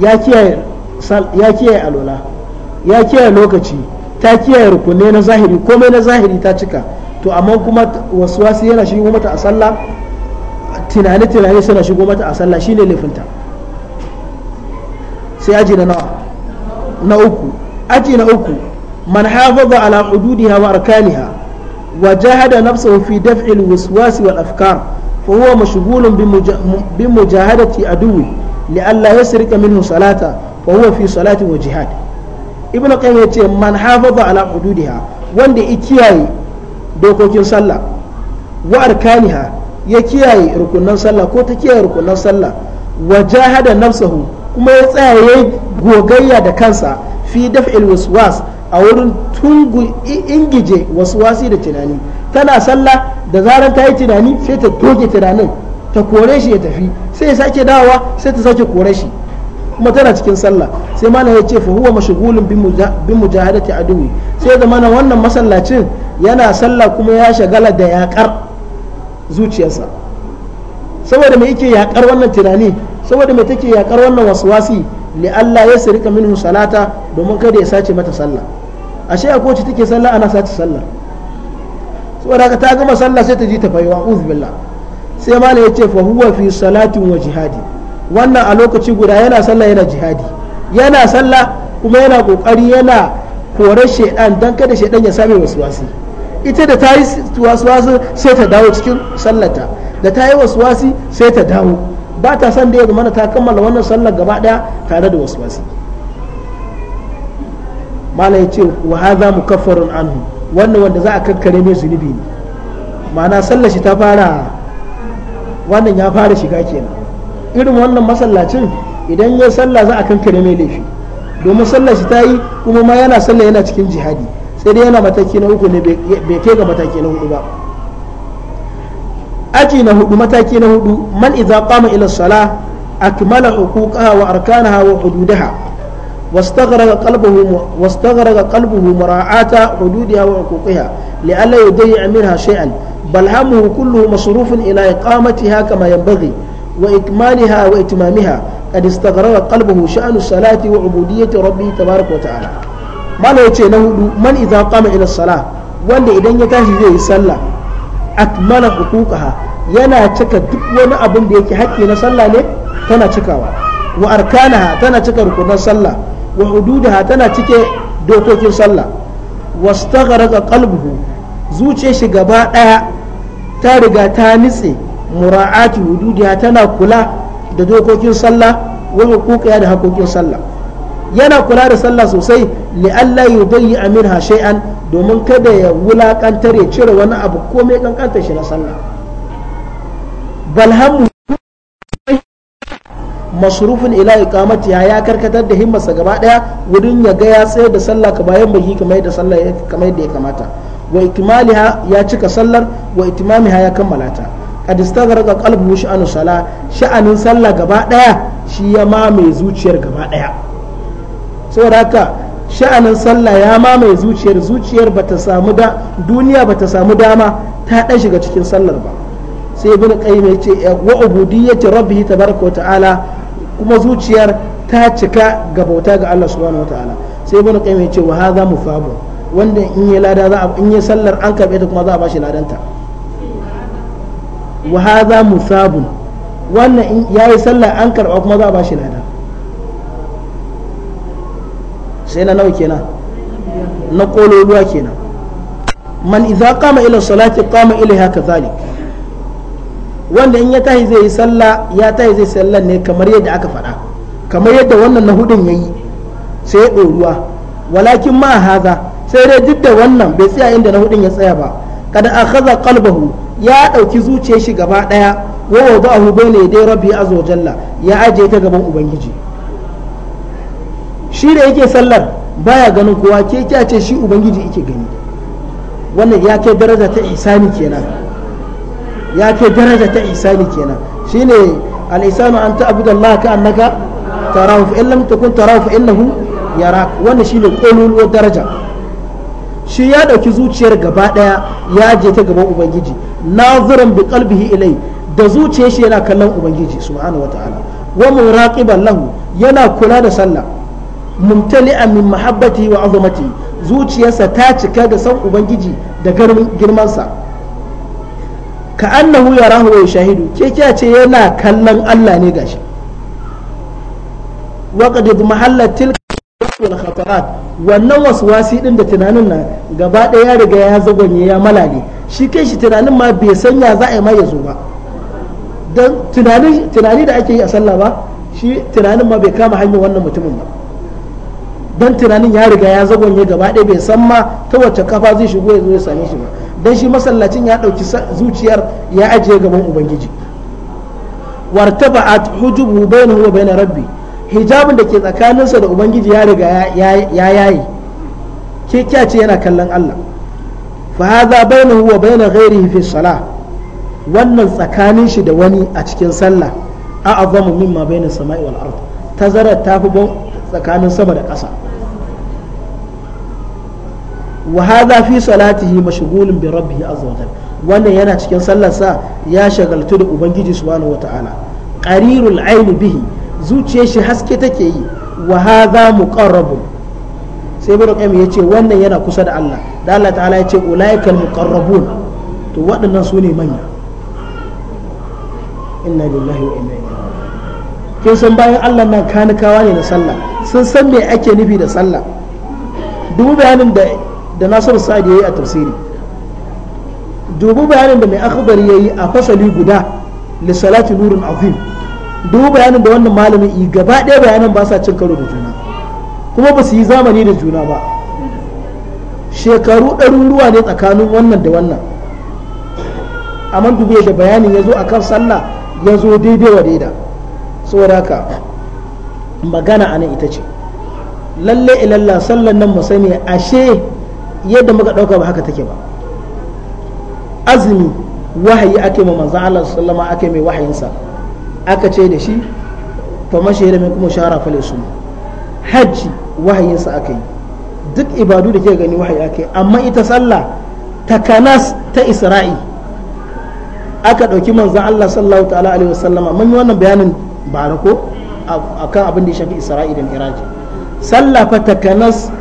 ya kiyaye alola ya kiyaye lokaci ta kiyaye rukunne na zahiri komai na zahiri ta cika to amma kuma wasu wasu yana shigo mata a sallah tunani tunani suna shigo mata a sallah shine laifinta sai aji na nawa na uku aji na uku man hafaza ala hududiha wa arkaniha wa jahada nafsahu fi daf'il waswas wal afkar a وهو مشغول بمجاهدة عدوه لئلا يسرق منه صلاته وهو في صلاة وجهاد ibn qayyim yace man hafaza ala hududiha wanda ya kiyaye dokokin sallah wa arkaniha ya kiyaye rukunan sallah ko ta kiyaye rukunan sallah wa jahada nafsahu kuma ya tsaya ya gogayya da kansa fi daf'il waswas a wurin tungu ingije waswasi da tunani tana sallah da zaran ta yi tunani sai ta doge tunanin ta kore shi ya tafi sai ya sake dawowa sai ta sake kore shi kuma tana cikin sallah sai mana ya ce fa huwa mashghulun bi mujahadati aduwi sai da mana wannan masallacin yana sallah kuma ya shagala da yakar zuciyarsa saboda mai yake yakar wannan tunani saboda mai take yakar wannan waswasi li Allah ya sirika minhu salata domin kada ya sace mata sallah ashe akwai take sallah ana sace sallah ka ta gama sallah sai ta ji ta fayuwa uz billah sai malam ya ce fa huwa fi salatin wa jihadi wannan a lokaci guda yana sallah yana jihadi yana sallah kuma yana kokari yana korar shaidan dan kada shaidan ya same waswasi ita da ta yi waswasi sai ta dawo cikin sallata da ta yi waswasi sai ta dawo ba ta san da ya mana ta kammala wannan sallar gaba daya tare da waswasi malam ya ce wa hadha mukaffarun anhu wannan wanda za a kankare mai zunubi ne ma'ana sallar ta fara wannan ya fara shiga kenan irin wannan masallacin idan ya sallah za a kankare mai laifi domin sallar shi ta yi kuma ma yana sallah yana cikin jihadi sai dai yana mataki na uku ne bai kai ga mataki na hudu ba aji na hudu mataki na hudu man idza qama ila salah akmala huquqaha wa arkanaha wa hududaha واستغرق قلبه واستغرق قلبه مراعاة حدودها وحقوقها لئلا يضيع منها شيئا بل همه كله مصروف إلى إقامتها كما ينبغي وإكمالها وإتمامها قد استغرق قلبه شأن الصلاة وعبودية ربه تبارك وتعالى ما يتي من إذا قام إلى الصلاة وأن إذا يتاهي زي صلى أكمل حقوقها ينا تكا دك أبن ديكي حكي نصلى لك تنا تكاوى وأركانها تنا تكا ركنا صلى wa ha tana cike dokokin sallah wastaghraqa qalbuhu zuciyar shi gaba daya ta riga ta nitse mura'ati ha tana kula da dokokin sallah wa hukuka da hakokin sallah yana kula da sallah sosai li'alla yudayyi ha shay'an domin kada ya wulakantare ya cire wani abu komai kankanta shi na sallah balhamu masrufin ila iqamati ya karkatar da himmarsa gaba daya wurin ya ga ya tsayar da sallah ka bayan bai kamar yadda sallah kamar yadda ya kamata wa ikmaliha ya cika sallar wa itimamiha ya kammala ta qad istaghraqa qalbuhu sha'anu sala sha'anin sallah gaba daya shi ya mamaye zuciyar gaba daya saboda haka sha'anin sallah ya mamaye zuciyar zuciyar bata samu da duniya bata samu dama ta dan shiga cikin sallar ba sai ibn qayyim ce wa ubudiyyati rabbih tabaraka wa ta'ala kuma zuciyar ta cika ga bauta ga Allah subhanahu wataala sai ibn qayyim yace ce wa hadha mufabu wanda in ya lada za in ya sallar an karbe ta kuma za a bashi ladanta wa hadha musabun wannan in yayi sallar an karba kuma za a bashi lada sai na nawa kenan na kololuwa kenan man idza qama ila salati qama ilaiha kadhalik wanda in ya tahi zai yi sallah ya tahi zai sallah ne kamar yadda aka faɗa kamar yadda wannan na hudun yayi sai ya ɗoruwa walakin ma haza sai dai duk da wannan bai tsaya inda na hudun ya tsaya ba kada a akhadha qalbahu ya ɗauki zuciyar shi gaba ɗaya wa wada'ahu bayna yaday rabbi azza wa jalla ya ajiye ta gaban ubangiji shi da yake sallar baya ganin kowa ke kya ce shi ubangiji yake gani wannan ya kai daraja ta isani kenan ya ce daraja ta isani kenan shine al-isanu an ta'budu Allah ka annaka tarahu fa illam takun tarahu fa innahu yarak wannan shine daraja shi ya ɗauki zuciyar gaba daya ya je ta gaban ubangiji naziran bi qalbihi ilai da zuciyar shi yana kallon ubangiji subhanahu wa muraqiban lahu yana kula da sallah mumtali'a min mahabbati wa azamati zuciyarsa ta cika da san ubangiji da girmansa ka annahu Rahu wa shahidu ke ce yana kallon Allah ne gashi waka da mahallat tilka wal khatarat wannan wasi din da tunanin nan gaba ɗaya ya riga ya zagonye ya malale shi kai shi tunanin ma bai san ya za a yi ma ya zo ba don tunani da ake yi a sallah ba shi tunanin ma bai kama hanyar wannan mutumin ba don tunanin ya riga ya zagonye gaba ɗaya bai san ma ta wacce kafa zai shigo ya zo ya same shi ba dan shi masallacin ya ɗauki zuciyar ya ajiye gaban ubangiji wartaba'at hujubu bainahu wa bain rabbi hijabin da ke tsakaninsa da ubangiji ya riga ya yayi ke kya ce yana kallon Allah fa hadha bainahu wa bain ghairihi fi salah wannan tsakanin shi da wani a cikin sallah a azamu mimma bain samai wal ard tazara tafi tsakanin sama da ƙasa wa hadha fi salatihi mashghulun bi rabbihi azza wannan yana cikin sallarsa ya shagaltu da ubangiji subhanahu wataala qarirul aini bihi zuciyar shi haske take yi wa hadha muqarrabun sai ibn qayyim yace wannan yana kusa da Allah da Allah ta'ala yace ulaikal muqarrabun to waɗannan su ne manya inna lillahi wa inna ilaihi kin san bayan Allah nan kanikawa ne na sallah sun san me ake nufi da sallah duk bayanin da da nasir sa'ad yi a tafsiri dubu bayanin da mai ya yi a fasali guda li salati nurun azim dubu bayanin da wannan malamin yi gaba ɗaya bayanan ba sa cin karo da juna kuma ba su yi zamani da juna ba shekaru ɗaruruwa ne tsakanin wannan da wannan amma dubu da bayanin ya zo a kan sallah ya zo daidai wa daida saboda haka magana a nan ita ce lalle ilalla sallan nan mu sani ashe yadda muka ɗauka ba haka take ba azumi wahayi ake ma manzan Allah sallama ake mai wahayinsa aka ce da shi faman shahira mai kuma shahara fale su hajji wahayinsa ake yi duk ibadu da ke gani wahayi ake yi amma ita sallah ta kanas ta isra'i aka ɗauki manzan Allah sallallahu ta'ala alaihi wasallama mun yi wannan bayanin barako ko akan abin da ya shafi isra'i da miraji sallah fa kanas.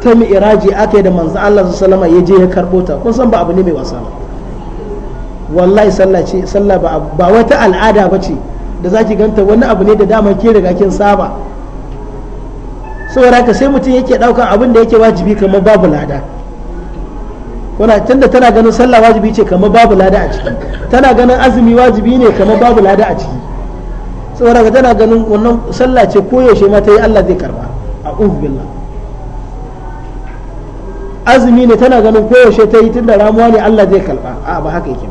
ta mi'iraji aka da manzan Allah su salama ya je ya karbo ta kun san ba abu ne mai wasa ba wallahi sallah ce sallah ba ba wata al'ada ba ce da zaki ganta wani abu ne da dama ke riga kin saba saboda ka sai mutum yake daukan abin da yake wajibi kamar babu lada kuna tunda tana ganin sallah wajibi ce kamar babu lada a ciki tana ganin azumi wajibi ne kamar babu lada a ciki saboda ka tana ganin wannan sallah ce koyaushe ma ta yi Allah zai karba a billah azumi ne tana ganin koyaushe ta yi tunda ramuwa ne Allah zai kalba a ba haka yake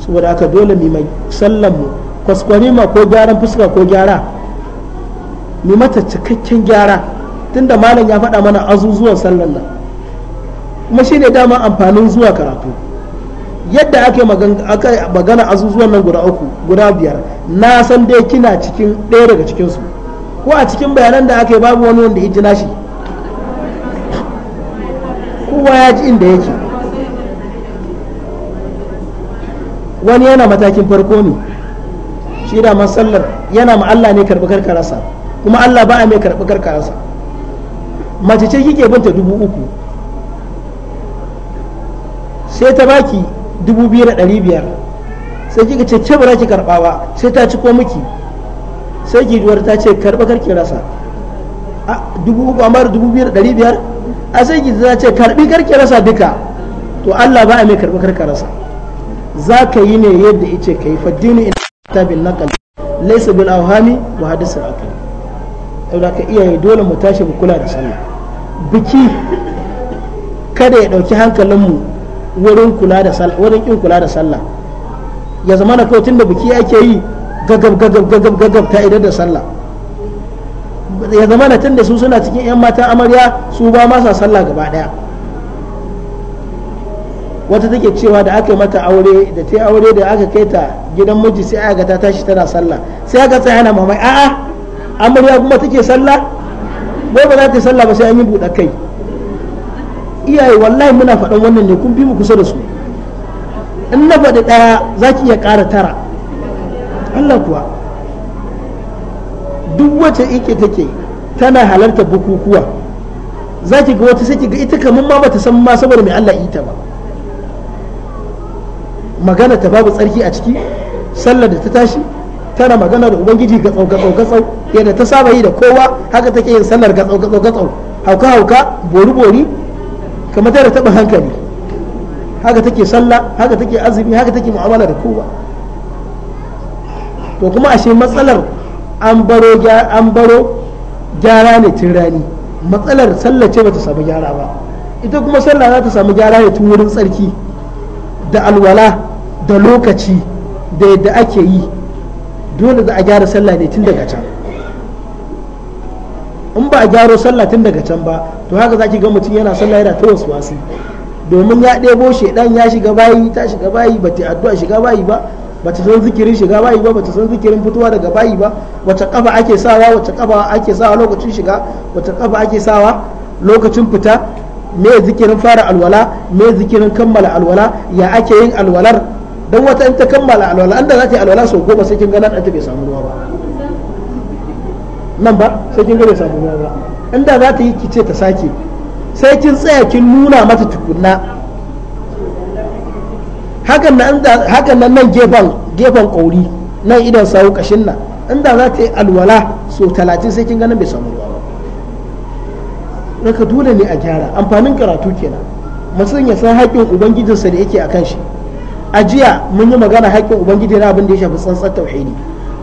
saboda aka dole mu mai sallan mu kwaskwari ko gyaran fuska ko gyara mu mata cikakken gyara tunda malam ya faɗa mana azuzuwan sallan nan kuma shi ne dama amfanin zuwa karatu yadda ake magana azuzuwan nan guda uku guda biyar na san dai kina cikin ɗaya daga cikinsu ko a cikin bayanan da aka yi babu wani wanda ya ji nashi kowa ya ji inda yake wani yana matakin farko ne shi da masallar yana ma Allah ne karɓi karkararsa kuma Allah ba a mai karɓi karkararsa mace ce kike binta dubu uku sai ta baki dubu biyu da ɗari biyar sai kika ce ce ba ki karɓa ba sai ta ci ko miki sai giduwar ta ce karɓa karki rasa dubu uku amma dubu biyu da ɗari biyar a sai ki za ce karbi karki rasa duka to Allah ba a mai karbi karka rasa za ka yi ne yadda ice ka yi faddini in ta bin nakal laisa bil auhami wa hadisul akal saboda ka iyaye dole mu tashi mu kula da sallah biki kada ya dauki hankalinmu wurin kula da sallah wurin kin kula da sallah ya zama na kawai tunda biki ake yi gagab gagab gagab gagab ta idar da sallah ya zama na tun da su suna cikin 'yan matan amarya su ba masa sallah gaba daya wata take cewa da aka yi mata aure da ta aure da aka kai ta gidan miji sai aka ta tashi tana sallah sai aka tsaya na mamai a'a amarya kuma take sallah wai ba za ta sallah ba sai an yi buɗe kai iyaye wallahi muna faɗan wannan ne kun bi mu kusa da su in na faɗi ɗaya za ki iya ƙara tara Allah kuwa duk wacce ike take tana halarta bukukuwa za ki ga wata sai ga ita kamar ma bata san ma saboda mai Allah ita ba magana ta babu tsarki a ciki sallar da ta tashi tana magana da ubangiji ga tsau gatsau gatsau yadda ta saba yi da kowa haka take yin sallar ga tsau gatsau gatsau hauka hauka bori bori kamar ta taba hankali haka take sallah haka take azumi haka take mu'amala da kowa to kuma ashe matsalar an baro gyara ne tun rani matsalar sallah ce bata samu gyara ba ita kuma sallah za ta samu gyara ne tun wurin tsarki da alwala da lokaci da yadda ake yi dole za a gyara sallah ne tun daga can in ba a gyaro sallah tun daga can ba to haka za ki ga mutum yana sallah yana ta wasu wasu domin ya ɗebo shaidan ya shiga bayi ta shiga bayi ba ta addu'a shiga bayi ba bata san zikirin shiga bayi ba bata san zikirin fitowa daga bayi ba wata kafa ake sawa wata kafa ake sawa lokacin shiga wata kafa ake sawa lokacin fita me zikirin fara alwala me zikirin kammala alwala ya ake yin alwalar dan wata in ta kammala alwala an da za ta yi alwala sau goma sai kin ga nan ta bai samu ruwa ba nan ba sai kin ga bai samu ruwa ba inda za ta yi kice ta sake sai kin tsaya kin nuna mata tukunna hakan nan nan gefen gefen kauri nan idan sawu kashin nan inda za ta yi alwala so talatin sai kin ganin bai samu ruwa ba daga dole ne a gyara amfanin karatu kenan mutum ya san haƙƙin ubangijinsa da yake a kan shi a jiya mun yi magana haƙƙin ubangiji na abin da ya shafi tsantsar tauhidi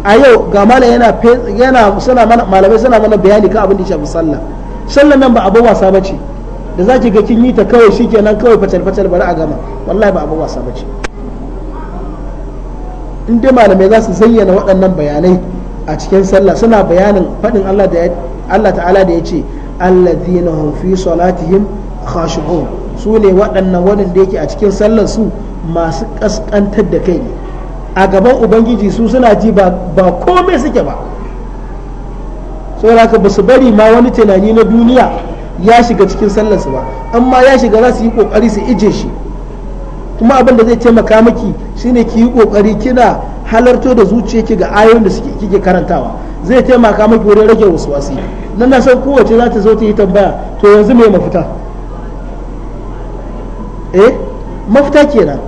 a yau ga malam yana yana suna mana malamai suna mana bayani kan abin da ya shafi sallah sallah nan ba abu wasa bace da za ki ga kin yi ta kawai shi kenan kawai fatal fatal bari a gama wallahi ba abu wasa ba ce in dai malamai za su zayyana waɗannan bayanai a cikin sallah suna bayanin faɗin Allah ta'ala da ya ce alladhina hum fi salatihim khashu'un su ne waɗannan waɗanda yake a cikin sallar su masu kaskantar da kai ne a gaban ubangiji su suna ji ba komai suke ba saboda haka ba su bari ma wani tunani na duniya ya shiga cikin sallarsu ba amma ya shiga za su yi kokari su ije shi kuma abin da zai taimaka miki shine ki yi kokari kina halarto da ki ga ayoyin da kike karantawa zai taimaka miki wurin rage waswasi nan na san kowace za ta zo ta yi tambaya to yanzu me mafita eh mafita kenan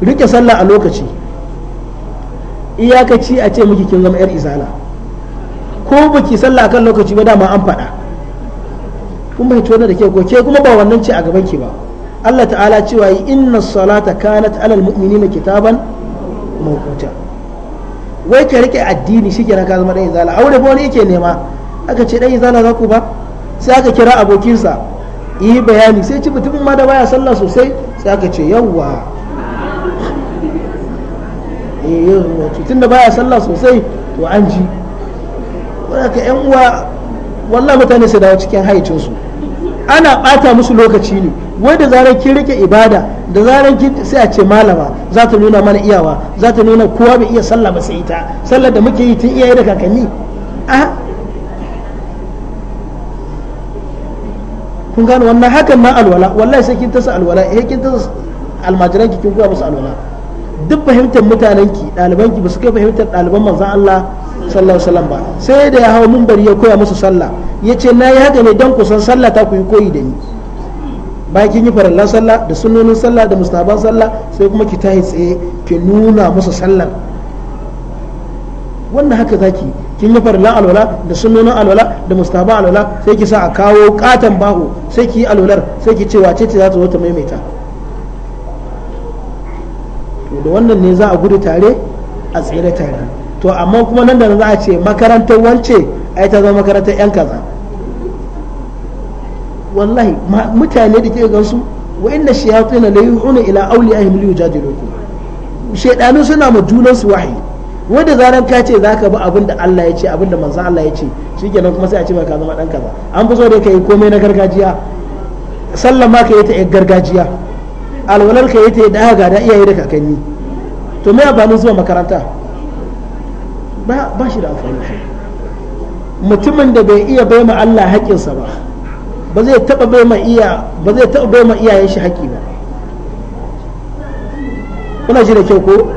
rike sallah a lokaci iyakaci a ce miki kin zama yar izala ko baki sallah kan lokaci ba dama an faɗa kun bai tona da ke ko ke kuma ba wannan ce a gaban ke ba Allah ta'ala cewa yi inna salata kanat alal mu'minina kitaban mawquta wai ka rike addini shi kenan ka zama dan izala aure ba wani yake nema aka ce ɗan izala za ku ba sai aka kira abokinsa yi bayani sai ci mutumin ma da baya sallah sosai sai aka ce yawwa eh, tun da baya sallah sosai to an ji wadda ka yan uwa wallah mutane su dawo cikin haicinsu ana ɓata musu lokaci ne wai da zarar kin rike ibada da zarar kin sai a ce malama za ta nuna mana iyawa za ta nuna kowa bai iya sallah ba sai ita sallar da muke yi tun iyaye da kakanni a kun gano wannan hakan ma alwala wallahi sai kin tasa alwala eh kin tasa almajiran ki kin kuwa musu alwala duk fahimtar mutanen ki ɗaliban ki ba su kai fahimtar ɗaliban manzon Allah sallallahu alaihi wasallam ba sai da ya hawo minbari ya koya musu sallah ya ce na yi haka ne don kusan sallah ta ku yi koyi da ni bayan kin yi farallan sallah da sunonin sallah da mustaban sallah sai kuma ki tahi tsaye ki nuna musu sallar wannan haka zaki kin yi farallan alwala da sunonin alwala da mustahaban alwala sai ki sa a kawo katon bahu sai ki yi alwalar sai ki ce wace ce za ta zo ta maimaita to da wannan ne za a gudu tare a tsere tare to amma kuma nan da za a ce makarantar wance ai ta zama makarantar yan kaza wallahi mutane da ke gansu wa inna shayatin la yuhuna ila awliyahim li yujadilukum shaydanu suna ma junan su wahayi wanda zaran ka ce zaka bi abin da Allah ya ce abin da manzo Allah ya ce shikenan kuma sai a ce ka zama dan kaza an fi so da kai komai na gargajiya sallan ma ka yi ta gargajiya alwalar ka yi ta da haga da iyaye da kakanni to me amfanin zuwa makaranta ba ba shi da amfani mutumin da bai iya bai ma Allah haƙƙinsa ba ba zai taba bai ma iya ba zai taba bai ma iyayen shi haƙi ba kuna ji da kyau ko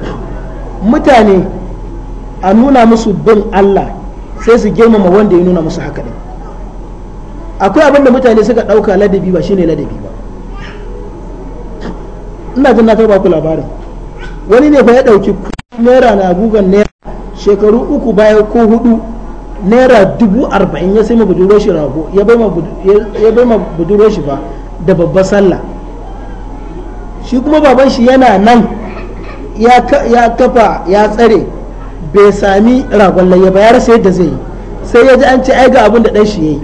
mutane a nuna musu bin Allah sai su girmama wanda ya nuna musu haka din akwai abin da mutane suka ɗauka ladabi ba shine ladabi ba ina jin na taɓa ku labarin wani ne fa ya ɗauki naira na gugan naira shekaru uku baya ko hudu naira dubu arba'in ya sai ma shi rago ya bai ma shi ba da babbar sallah shi kuma baban shi yana nan ya kafa ya tsare bai sami ragon layya ba ya rasa yadda zai yi sai ya ji an ce ai ga abin da ɗan shi ya yi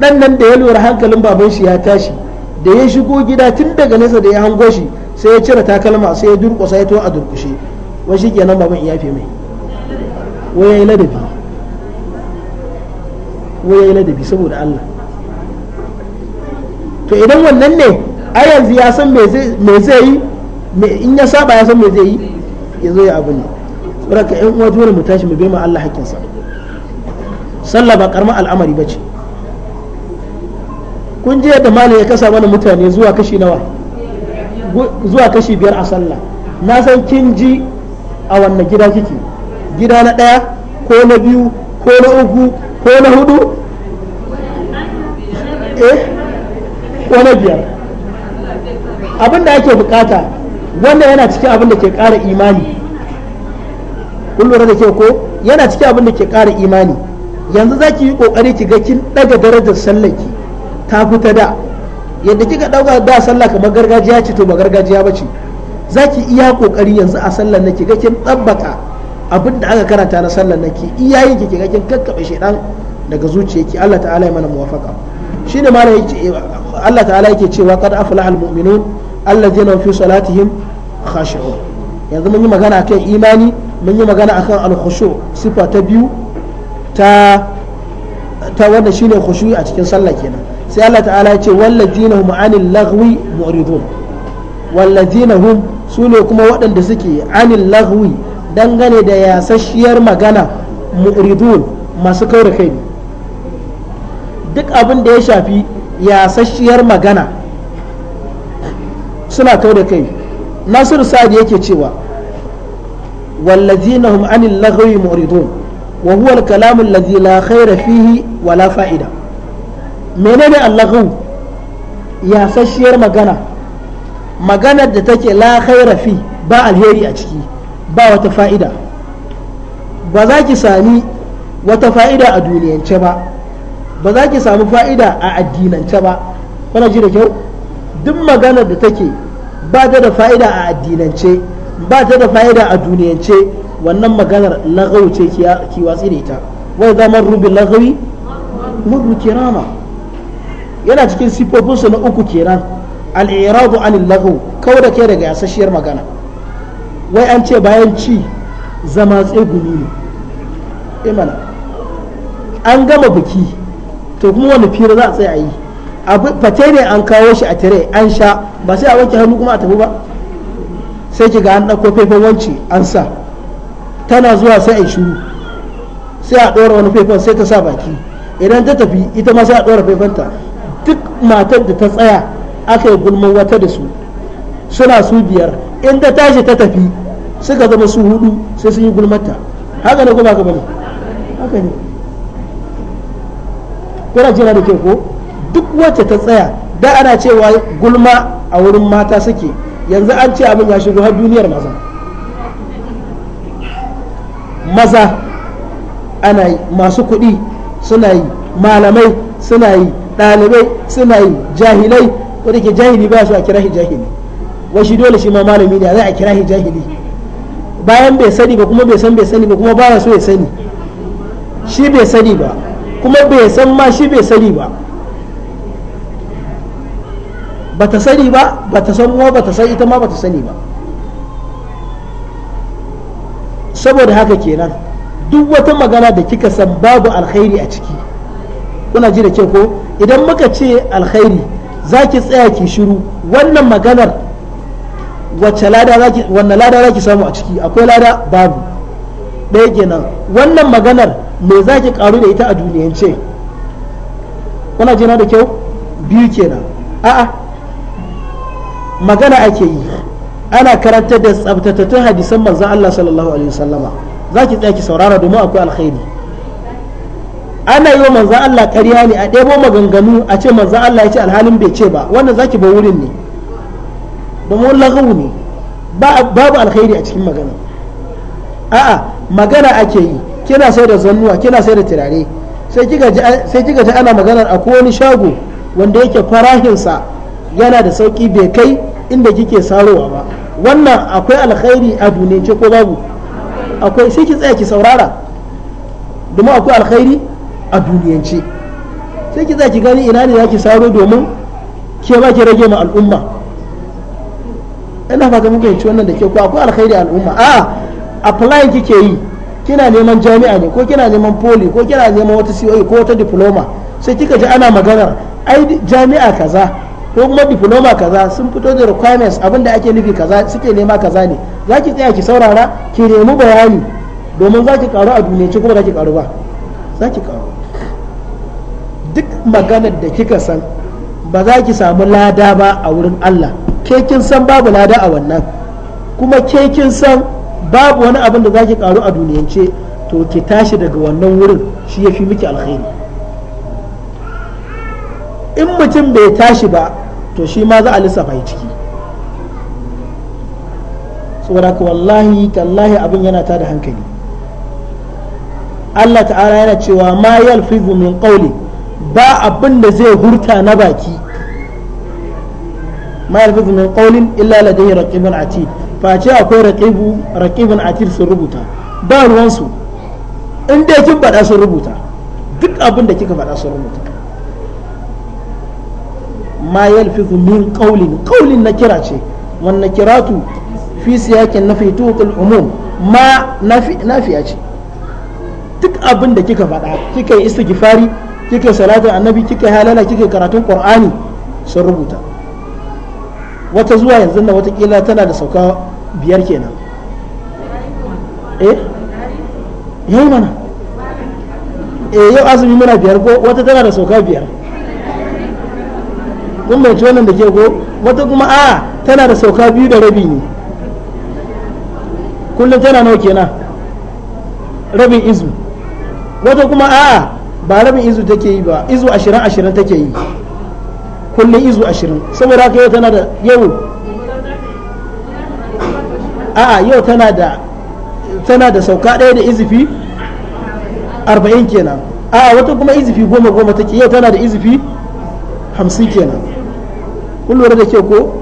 ɗan nan da ya lura hankalin baban shi ya tashi da ya shigo gida tun daga nesa da ya hango shi sai ya cire takalma sai ya durƙusa ya to a durƙushe wai shi kenan baban ya fi mai wai ya yi ladabi ko ya yi ladabi saboda Allah to idan wannan ne a yanzu ya san me zai yi in ya saba ya san me zai yi ya zo ya abu ne saboda yan uwa dole mu tashi mu bai Allah hakkinsa sallah ba karma al'amari ba ce kun ji yadda malam ya kasa mana mutane zuwa kashi nawa zuwa kashi biyar a sallah na san kin ji a wannan gida kike gida na ɗaya ko na biyu ko na uku ko na hudu eh ko na biyar abin da ake bukata wanda yana cikin abin da ke kara imani kun da ke ko yana cikin abin da ke kara imani yanzu za ki yi ƙoƙari ki ga kin daga darajar sallaki ta fita da yadda kika ɗauka da sallah kamar gargajiya ce to ba gargajiya bace ce za ki iya ƙoƙari yanzu a sallar na ki ga kin tabbata. abin da aka karanta na sallar nan ki iyayen ki kiga kin kakkabe shedan daga zuciyarki Allah ta'ala ya mana muwafaqa shine malai yake Allah ta'ala yake cewa qad aflaha almu'minun alladhina fi salatihim khashi'un yanzu mun yi magana kan imani mun yi magana akan al-khushu sifa ta biyu ta ta wanda shine khushu'i a cikin sallah kenan sai Allah ta'ala ya ce walladhina hum 'anil lagwi mu'ridun walladhina hum sune kuma waɗanda suke 'anil lagwi dangane da yasasshiyar magana mu'ridun masu kaura kai duk abin da ya shafi yasasshiyar magana suna kaura kai nasiru sa'ad yake cewa wallazina hum anil lagwi mu'ridun wa huwa al-kalamu allazi la khayra fihi wa la fa'ida menene al-lagwu yasasshiyar magana maganar da take la khayra fi ba alheri a ciki ba wata fa'ida ba za ki sami wata fa'ida a duniyance ba ba za ki sami fa'ida a addinance ba kuna ji da kyau duk maganar da take ba ta da fa'ida a addinance ba ta da fa'ida a duniyance wannan maganar lagawi ce ki watsi da ita wai zaman rubin lagawi mudu kirama yana cikin siffofinsu na uku kenan al'iradu anil lagaw kawo da ke daga yasashiyar magana wai an ce bayan ci zama tsegumi ne imana eh an gama biki to kuma wani fira za a tsaye a yi fate ne an kawo shi a tare an sha ba sai a wanke hannu kuma a tafi ba sai ki ga an ɗauko faifan wanci an sa tana zuwa sai a yi shuru sai a ɗora wani faifan sai ta sa baki idan ta tafi ita ma sai a ɗora faifanta duk matar da ta tsaya aka yi gulman wata da su suna su biyar in ta tashi ta tafi suka zama su hudu sai sun yi gulmata haka ne kuma ba haka ne kuna jira da ke ko duk wacce ta tsaya da ana cewa gulma a wurin mata suke yanzu an ce abin ya shigo har duniyar maza maza ana yi masu kuɗi suna yi malamai suna yi ɗalibai suna yi jahilai wadda ke jahili ba su a kira shi jahili shi dole shi ma malami ne a za a kira shi jahili bayan bai sani ba kuma bai san bai sani ba kuma ba so ya sani shi bai sani ba kuma bai san ma shi bai sani ba ba ta sani ba ba ta san kuma ba ta san ita ma ba ta sani ba saboda haka kenan duk wata magana da kika san babu alkhairi a ciki kuna ji da ke ko idan muka ce alkhairi za ki tsaya ki shiru wannan maganar wacce lada zaki wannan lada zaki samu a ciki akwai lada babu ɗaya kenan wannan maganar me zaki karu da ita a duniyance kuna jina da kyau biyu kenan a'a magana ake yi ana karantar da tsabtatattun hadisan manzon Allah sallallahu alaihi wasallama zaki tsaya ki saurara domin akwai alkhairi ana yi wa Allah ƙarya ne a ɗebo maganganu a ce manzan Allah ya ce alhalin bai ce ba wannan zaki ba wurin ne domin lagawu ne babu alkhairi a cikin magana a'a magana ake yi kina sai da zannuwa kina sai da turare sai kika ji ana maganar a wani shago wanda yake farahinsa yana da sauki bai kai inda kike sarowa ba wannan akwai alkhairi a duniyance ko babu akwai sai ki tsaya ki saurara domin akwai alkhairi a duniyance sai ki tsaya ki gani ina ne za ki saro domin ke ba ki rage ma al'umma ina fata muka yi wannan da ke ko akwai alkhairi al'umma a apply kike yi kina neman jami'a ne ko kina neman poli ko kina neman wata COE ko wata diploma sai kika ji ana maganar ai jami'a kaza ko kuma diploma kaza sun fito da requirements abin da ake nufi kaza suke nema kaza ne za ki tsaya ki saurara ki nemi bayani domin za ki karu a duniya kuma za ki karu ba za ki karu duk maganar da kika san ba za ki samu lada ba a wurin Allah ke kin san babu lada a wannan kuma ke kin san babu wani abin da zaki karu a duniyance to ki tashi daga wannan wurin shi yafi miki alkhairi in mutum bai tashi ba to shi ma za a lissafa ciki saboda ka wallahi tallahi abin yana tada hankali Allah ta'ala yana cewa ma yalfizu min qawli ba abin da zai hurta na baki ma yalfiz min qawlin illa ladayhi raqibun atid fa ce akwai raqibu atid sun rubuta ba ruwansu in dai kin faɗa sun rubuta duk abin da kika faɗa sun rubuta ma yalfiz min qawlin qawlin na kira ce wan nakiratu fi siyakin nafi tuqul ma ce duk abin da kika faɗa kika yi istighfari kika salatu annabi kika halala kika karatun qur'ani sun rubuta wata zuwa yanzu na watakila tana da sauka biyar kenan eh yau mana eh yau azumi muna biyar ko wata tana da sauka biyar kun bai wannan da ke ko wata kuma a tana da sauka biyu da rabi ne kullum tana nawa kenan rabin izu wata kuma a ba rabin izu take yi ba izu ashirin ashirin take yi kullum izu ashirin saboda haka yau tana da yau a yau tana da tana da sauka ɗaya da izifi arba'in kenan a wata kuma izifi goma goma take yau tana da izifi hamsin kenan kun lura da ke ko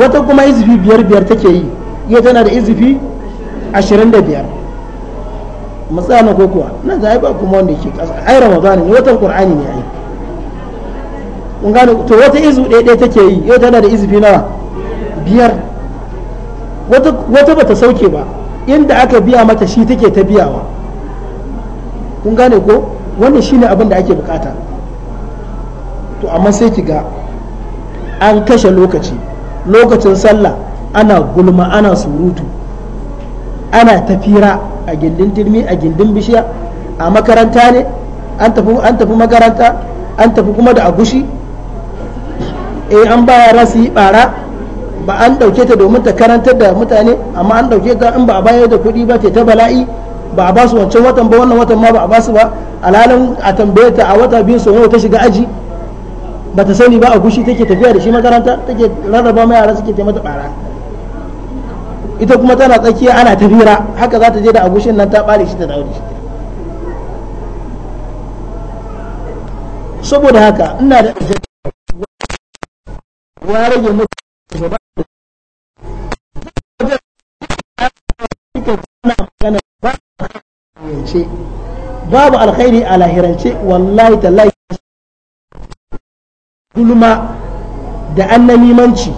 wata kuma izifi biyar biyar take yi yau tana da izifi ashirin da biyar matsala ko kuwa na ga yi ba kuma wanda ke ƙasa ai ramadani ne watan qur'ani ne ai kun gane to wata izu ɗaya ɗaya take yi yau tana da izufi nawa biyar wata bata sauke ba inda aka biya mata shi take ta biyawa kun gane ko wannan shine abin da ake bukata to amma sai ki ga an kashe lokaci lokacin sallah ana gulma ana surutu ana tafira a gindin turmi a gindin bishiya a makaranta ne an tafi makaranta an tafi kuma da agushi eh an ba yara su yi bara ba an dauke ta domin ta karantar da mutane amma an dauke ta in ba a bayar da kuɗi ba ta bala'i ba a basu wancan watan ba wannan watan ma ba a basu ba alhalin a tambaye ta a wata biyu sau ta shiga aji ba ta sani ba a gushi take tafiya da shi makaranta take rarraba mai yara suke taimata bara ita kuma tana tsakiya ana tafira haka za ta je da agushin nan ta bare shi ta dawo shi saboda haka ina da ya rage mutu gaba babu alkhairi a lahirance wallahi tallahi gulma da nimanci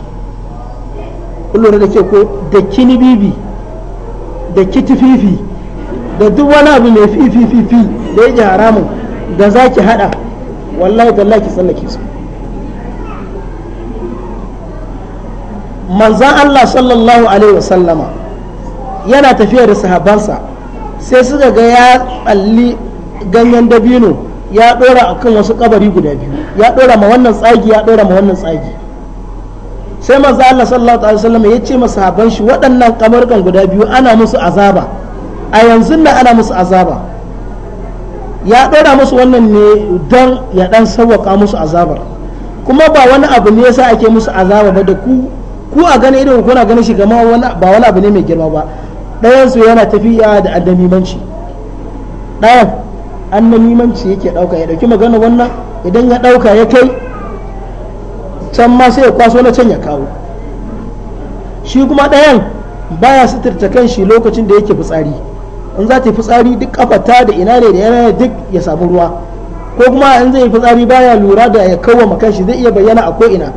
kullum da ke ko da kini bibi da kiti fifi, da duk wani abu mai fifififi da ya yake haramun da za ki hada wallahi tallahi ki tsallake so. manzan Allah sallallahu alaihi wasallama yana tafiya da sahabansa sai suka ga ya tsalli ganyen dabino ya dora a kan wasu kabari guda biyu ya dora ma wannan tsagi ya dora ma wannan tsagi sai manzan Allah sallallahu alaihi wasallama ya ce masa sahaban shi waɗannan kan guda biyu ana musu azaba a yanzu nan ana musu azaba ya dora musu wannan ne don ya dan sawwaka musu azabar kuma ba wani abu ne yasa ake musu azaba ba da ku ku a ganin irin kuna ganin shi gama ba wani abu ne mai girma ba ɗayan su yana tafiya da annamimanci ɗayan annamimanci yake ɗauka ya ɗauki magana wannan idan ya ɗauka ya kai can ma sai ya kwaso na can ya kawo shi kuma ɗayan baya suturta kan shi lokacin da yake fitsari in za ta yi fitsari duk kafata da ina ne da yana duk ya samu ruwa ko kuma in zai yi fitsari baya lura da ya kawo makan shi zai iya bayyana a ko ina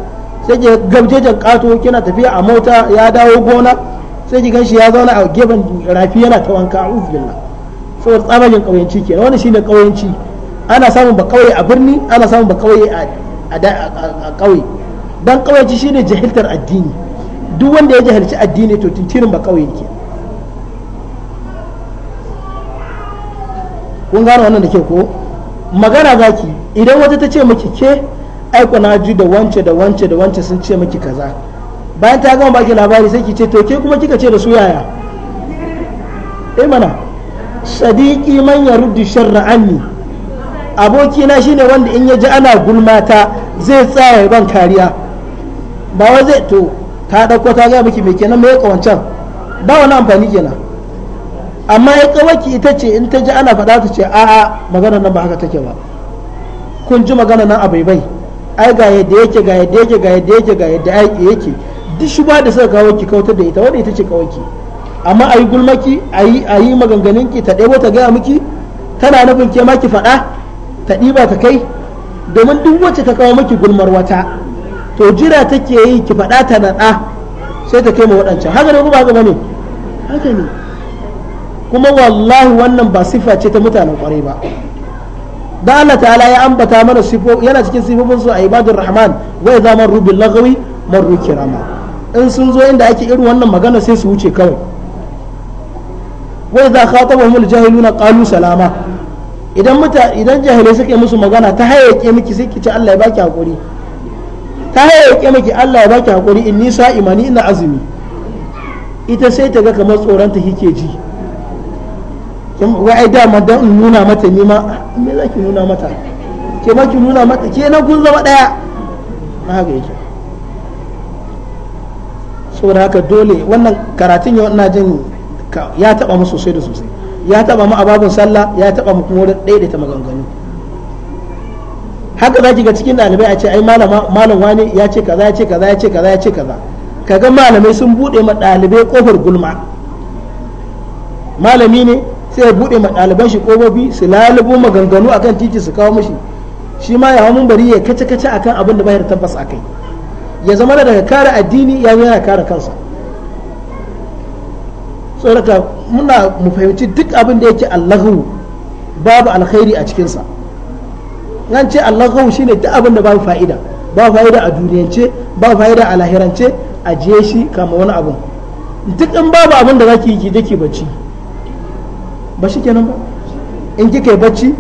sai ke gabjejen kato kina tafiya a mota ya dawo gona sai ki ganshi ya zauna a gefen rafi yana ta wanka a uzbillah saboda tsabagen ke wani shi shine ƙauyenci ana samun ba ƙauye a birni ana samun ba ƙauye a kauye dan kauyanci shine jahiltar addini duk wanda ya jahilci addini to tintirin ba ƙauye ke kun gane wannan da ke ko magana zaki idan wata ta ce miki ke aiko na ji da wance da wance da wance sun ce miki kaza bayan ta gama baki labari sai ki ce to ke kuma kika ce da su yaya eh mana sadiqi man yaruddu sharra anni abokina shine wanda in ya ji ana gulmata zai tsaya ban kariya ba wai zai to ta dauko ta ga miki me kenan me ya kawancan ba wani amfani kenan amma ya kawaki ita ce in ta ji ana faɗa ta ce a'a magana nan ba haka take ba kun ji magana nan a bai-bai. ai ga yadda yake ga yadda yake ga yadda yake ga yadda yake duk shi ba da suka kawo ki kautar da ita wanda ita ce kawai ki amma ayi gulmaki ayi ayi maganganun ki ta ɗebo ta gaya miki tana nufin ke ma ki faɗa ta ɗiba ta kai domin duk wacce ta kawo miki gulmar wata to jira take yi ki faɗa ta naɗa sai ta kai ma waɗancan haka ne kuma haka bane haka ne kuma wallahi wannan ba siffa ce ta mutanen kwarai ba da Allah ta'ala ya ambata mana sifo yana cikin sifofin su a ibadun rahman wai za man rubil lagawi marru kirama in sun zo inda ake irin wannan magana sai su wuce kawai wai za khatabahum jahiluna qalu salama idan muta idan jahilai suka yi musu magana ta hayyake miki sai ki Allah ya baki hakuri ta hayyake miki Allah ya baki hakuri inni sa'imani ina azumi ita sai ta ga kamar tsoron ta kike ji kin wai dama dan nuna mata ni ma me zaki nuna mata ke ma ki nuna mata ke na kun zama daya na haka yake saboda haka dole wannan karatun yau ina jin ya taba mu sosai da sosai ya taba mu a babin sallah ya taba mu kuma wurin daidaita maganganu haka zaki ga cikin dalibai a ce ai malam wani ya ce kaza ya ce kaza ya ce kaza ya ce kaza kaga malamai sun bude ma dalibai kofar gulma malami ne sai ya buɗe ma ɗaliban shi kobobi su lalubo maganganu akan titi su kawo mishi shi ma ya hau mun bari ya kace kace akan abin da bayar tabbas akai ya zama daga kare addini ya yana kare kansa tsoraka muna mu fahimci duk abin da yake allahu babu alkhairi a cikinsa nan ce allahu shine duk abin da babu fa'ida babu fa'ida a duniyance babu fa'ida a lahirance a shi kama wani abun duk in babu abin da zaki yi ki bacci ba shi kenan ba in kika yi bacci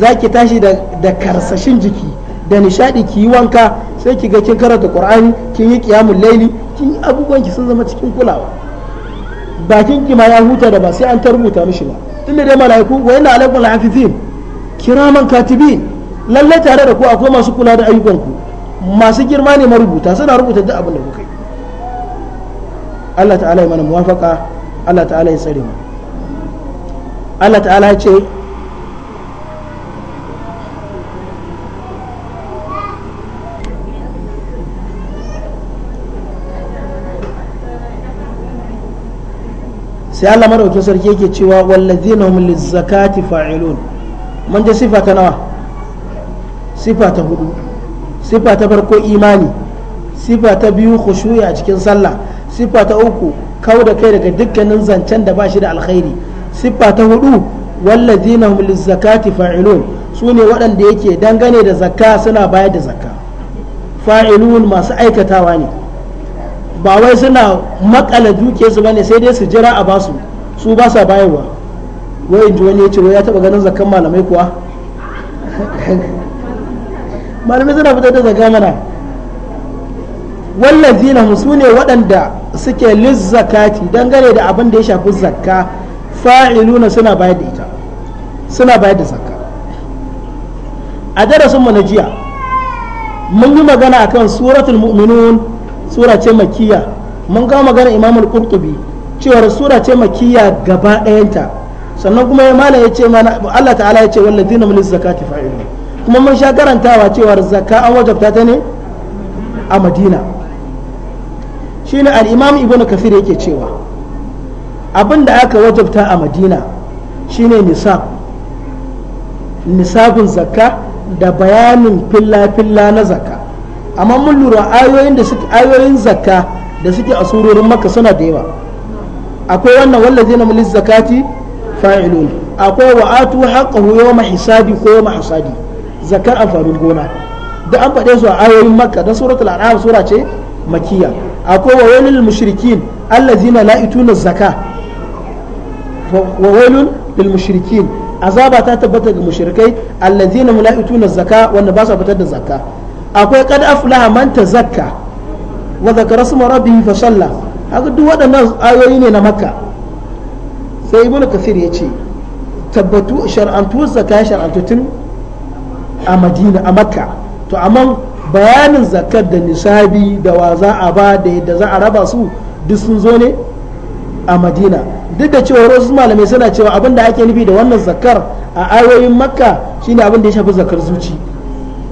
za ki tashi da karsashin jiki da nishadi ki yi wanka sai ki ga kin karanta qur'ani kin yi qiyamul laili kin yi abubuwan ki sun zama cikin kulawa bakin ki ma ya huta da ba sai an tarbuta mishi ba tunda dai malaiku wa inna alaikum lahafizin kiraman katibin lalle tare da ku akwai masu kula da ayyukan ku masu girma ne marubuta suna rubuta duk abin da kuka yi Allah ta'ala ya mana muwafaka Allah ta'ala ya tsare mu Allah ta'ala ce sai Allah madaukakin sarki yake cewa wallazina hum lizakati fa'ilun mun ji sifa ta nawa sifa ta hudu sifa ta farko imani sifa ta biyu khushu'i a cikin sallah sifa ta uku kau da kai daga dukkanin zancen da ba shi da alkhairi siffa ta hudu wallazina hum lizakati fa'ilun sune waɗanda yake dangane da zakka suna bayar da zakka fa'ilun masu aikatawa ne ba wai suna makala duke su bane sai dai su jira a basu su ba sa bayarwa wai inji wani ya ce ya taba ganin zakkan malamai kuwa malamai suna fitar da zakka mana wallazina hum sune waɗanda suke lizzakati dangane da abin da ya shafi zakka fa'iluna suna bayar da ita suna bayar da zakka a darasin mu na jiya mun yi magana akan suratul mu'minun sura ce makiyya mun kawo magana imamul qurtubi cewar surace ce makiyya gaba ɗayanta sannan kuma ya mala ya ce mana Allah ta'ala ya ce walladina min zakati fa'ilun kuma mun sha karantawa cewar zaka an wajabta ta ne a Madina shine al-Imam Ibn kafir yake cewa abin da aka wajabta a madina shine nisab nisabin zakka da bayanin filla-filla na zakka amma mun lura ayoyin da suke ayoyin zakka da suke a surorin maka suna da yawa akwai wannan wallazina mulis zakati fa'ilun akwai wa'atu haqqahu yawma hisabi ko yawma hasadi zakar amfanin gona da an faɗe su a ayoyin makka da suratul an'am sura ce makiyya akwai wa wailul mushrikin allazina la zaka zakka wa wailun lil mushrikin azaba ta tabbatar ga mushrikai allazina hum la yutuna zakka wanda ba su fitar da zakka akwai qad aflaha man tazakka wa zakara sma rabbihi fa salla haka duk waɗannan ayoyi ne na makka sai ibn ya ce tabbatu shar'antu zakka shar'antu tun a makka to amma bayanin zakkar da nisabi da waza a ba da yadda za a raba su duk sun zo ne a madina duk da cewa wasu malamai suna cewa abin da ake nufi da wannan zakar a ayoyin makka shine abin da ya shafi zakar zuci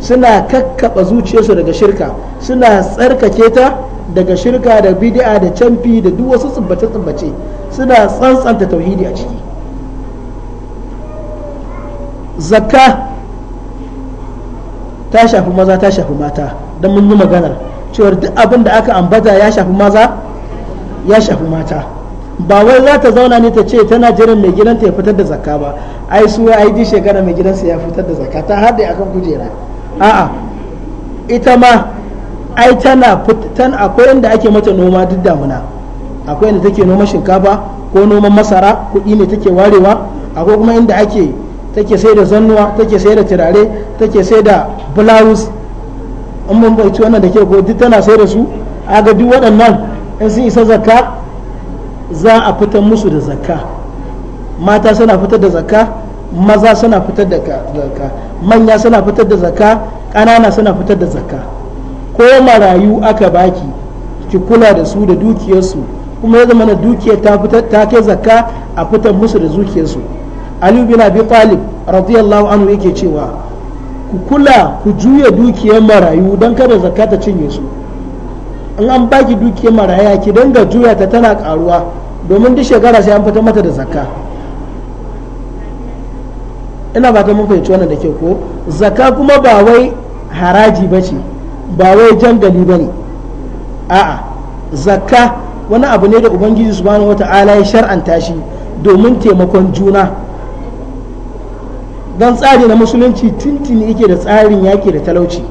suna kakkaba zuciyarsu daga shirka suna tsarkake ta daga shirka da bid'a da camfi da duk wasu tsubbace tsubbace suna tsantsanta tauhidi a ciki zakka ta shafi maza ta shafi mata don mun yi maganar cewar duk abin da aka ambata ya shafi maza ya shafi mata ba wai za ta zauna ne ta ce tana jiran mai gidanta ya fitar da zakka ba ai su ai di shekara mai gidansa ya fitar da zakka ta haɗe akan kujera a'a ita ma ai tana fitan akwai inda ake mata noma duk damuna akwai inda take noma shinkafa ko noman masara kuɗi ne take warewa akwai kuma inda ake take sai da zannuwa take sai da turare take sai da blouse in mun bai wannan da ke ko duk tana sai da su a ga duk waɗannan in sun isa zakka za a fitar musu da zakka mata suna fitar da zakka maza suna fitar da zakka manya suna fitar da zakka ƙanana suna fitar da zakka ko marayu aka baki ki kula da su da dukiyarsu kuma ya zama na dukiyar ta fitar ta kai zakka a fitar musu da zukiyarsu aliyu bin Abi Talib radiyallahu anhu yake cewa ku kula ku juya dukiyar marayu don kada zakka ta cinye su in an baki dukiyar maraya ki dinga juya ta tana karuwa domin duk shekara sai an fita mata da zakka ina ba ta mun fahimci wannan da ke ko zakka kuma ba wai haraji ba ce ba wai jangali ba ne a'a zakka wani abu ne da ubangiji subhanahu wata'ala ya shar'anta shi domin taimakon juna don tsari na musulunci tuntuni yake da tsarin yaki da talauci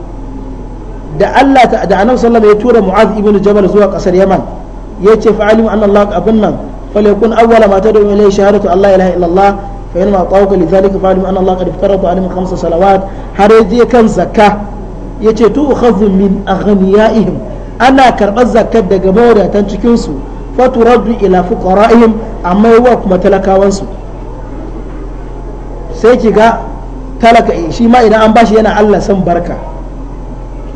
da Allah da annabi sallallahu ya tura Mu'az ibn Jabal zuwa kasar Yaman yace fa alim anna Allah abin nan fal yakun awwala ma tad'u ilayhi shahadatu Allah ilaha illa Allah fa in ma tawaka lidhalika fa alim anna Allah qad farada alim khamsa salawat har yaji kan zakka yace tu khadhu min aghniyaihim ana karbar zakkar daga mawadatan cikin su fa turaddu ila fuqara'ihim amma yawa kuma talakawan su sai kiga talaka shi ma idan an bashi yana Allah san barka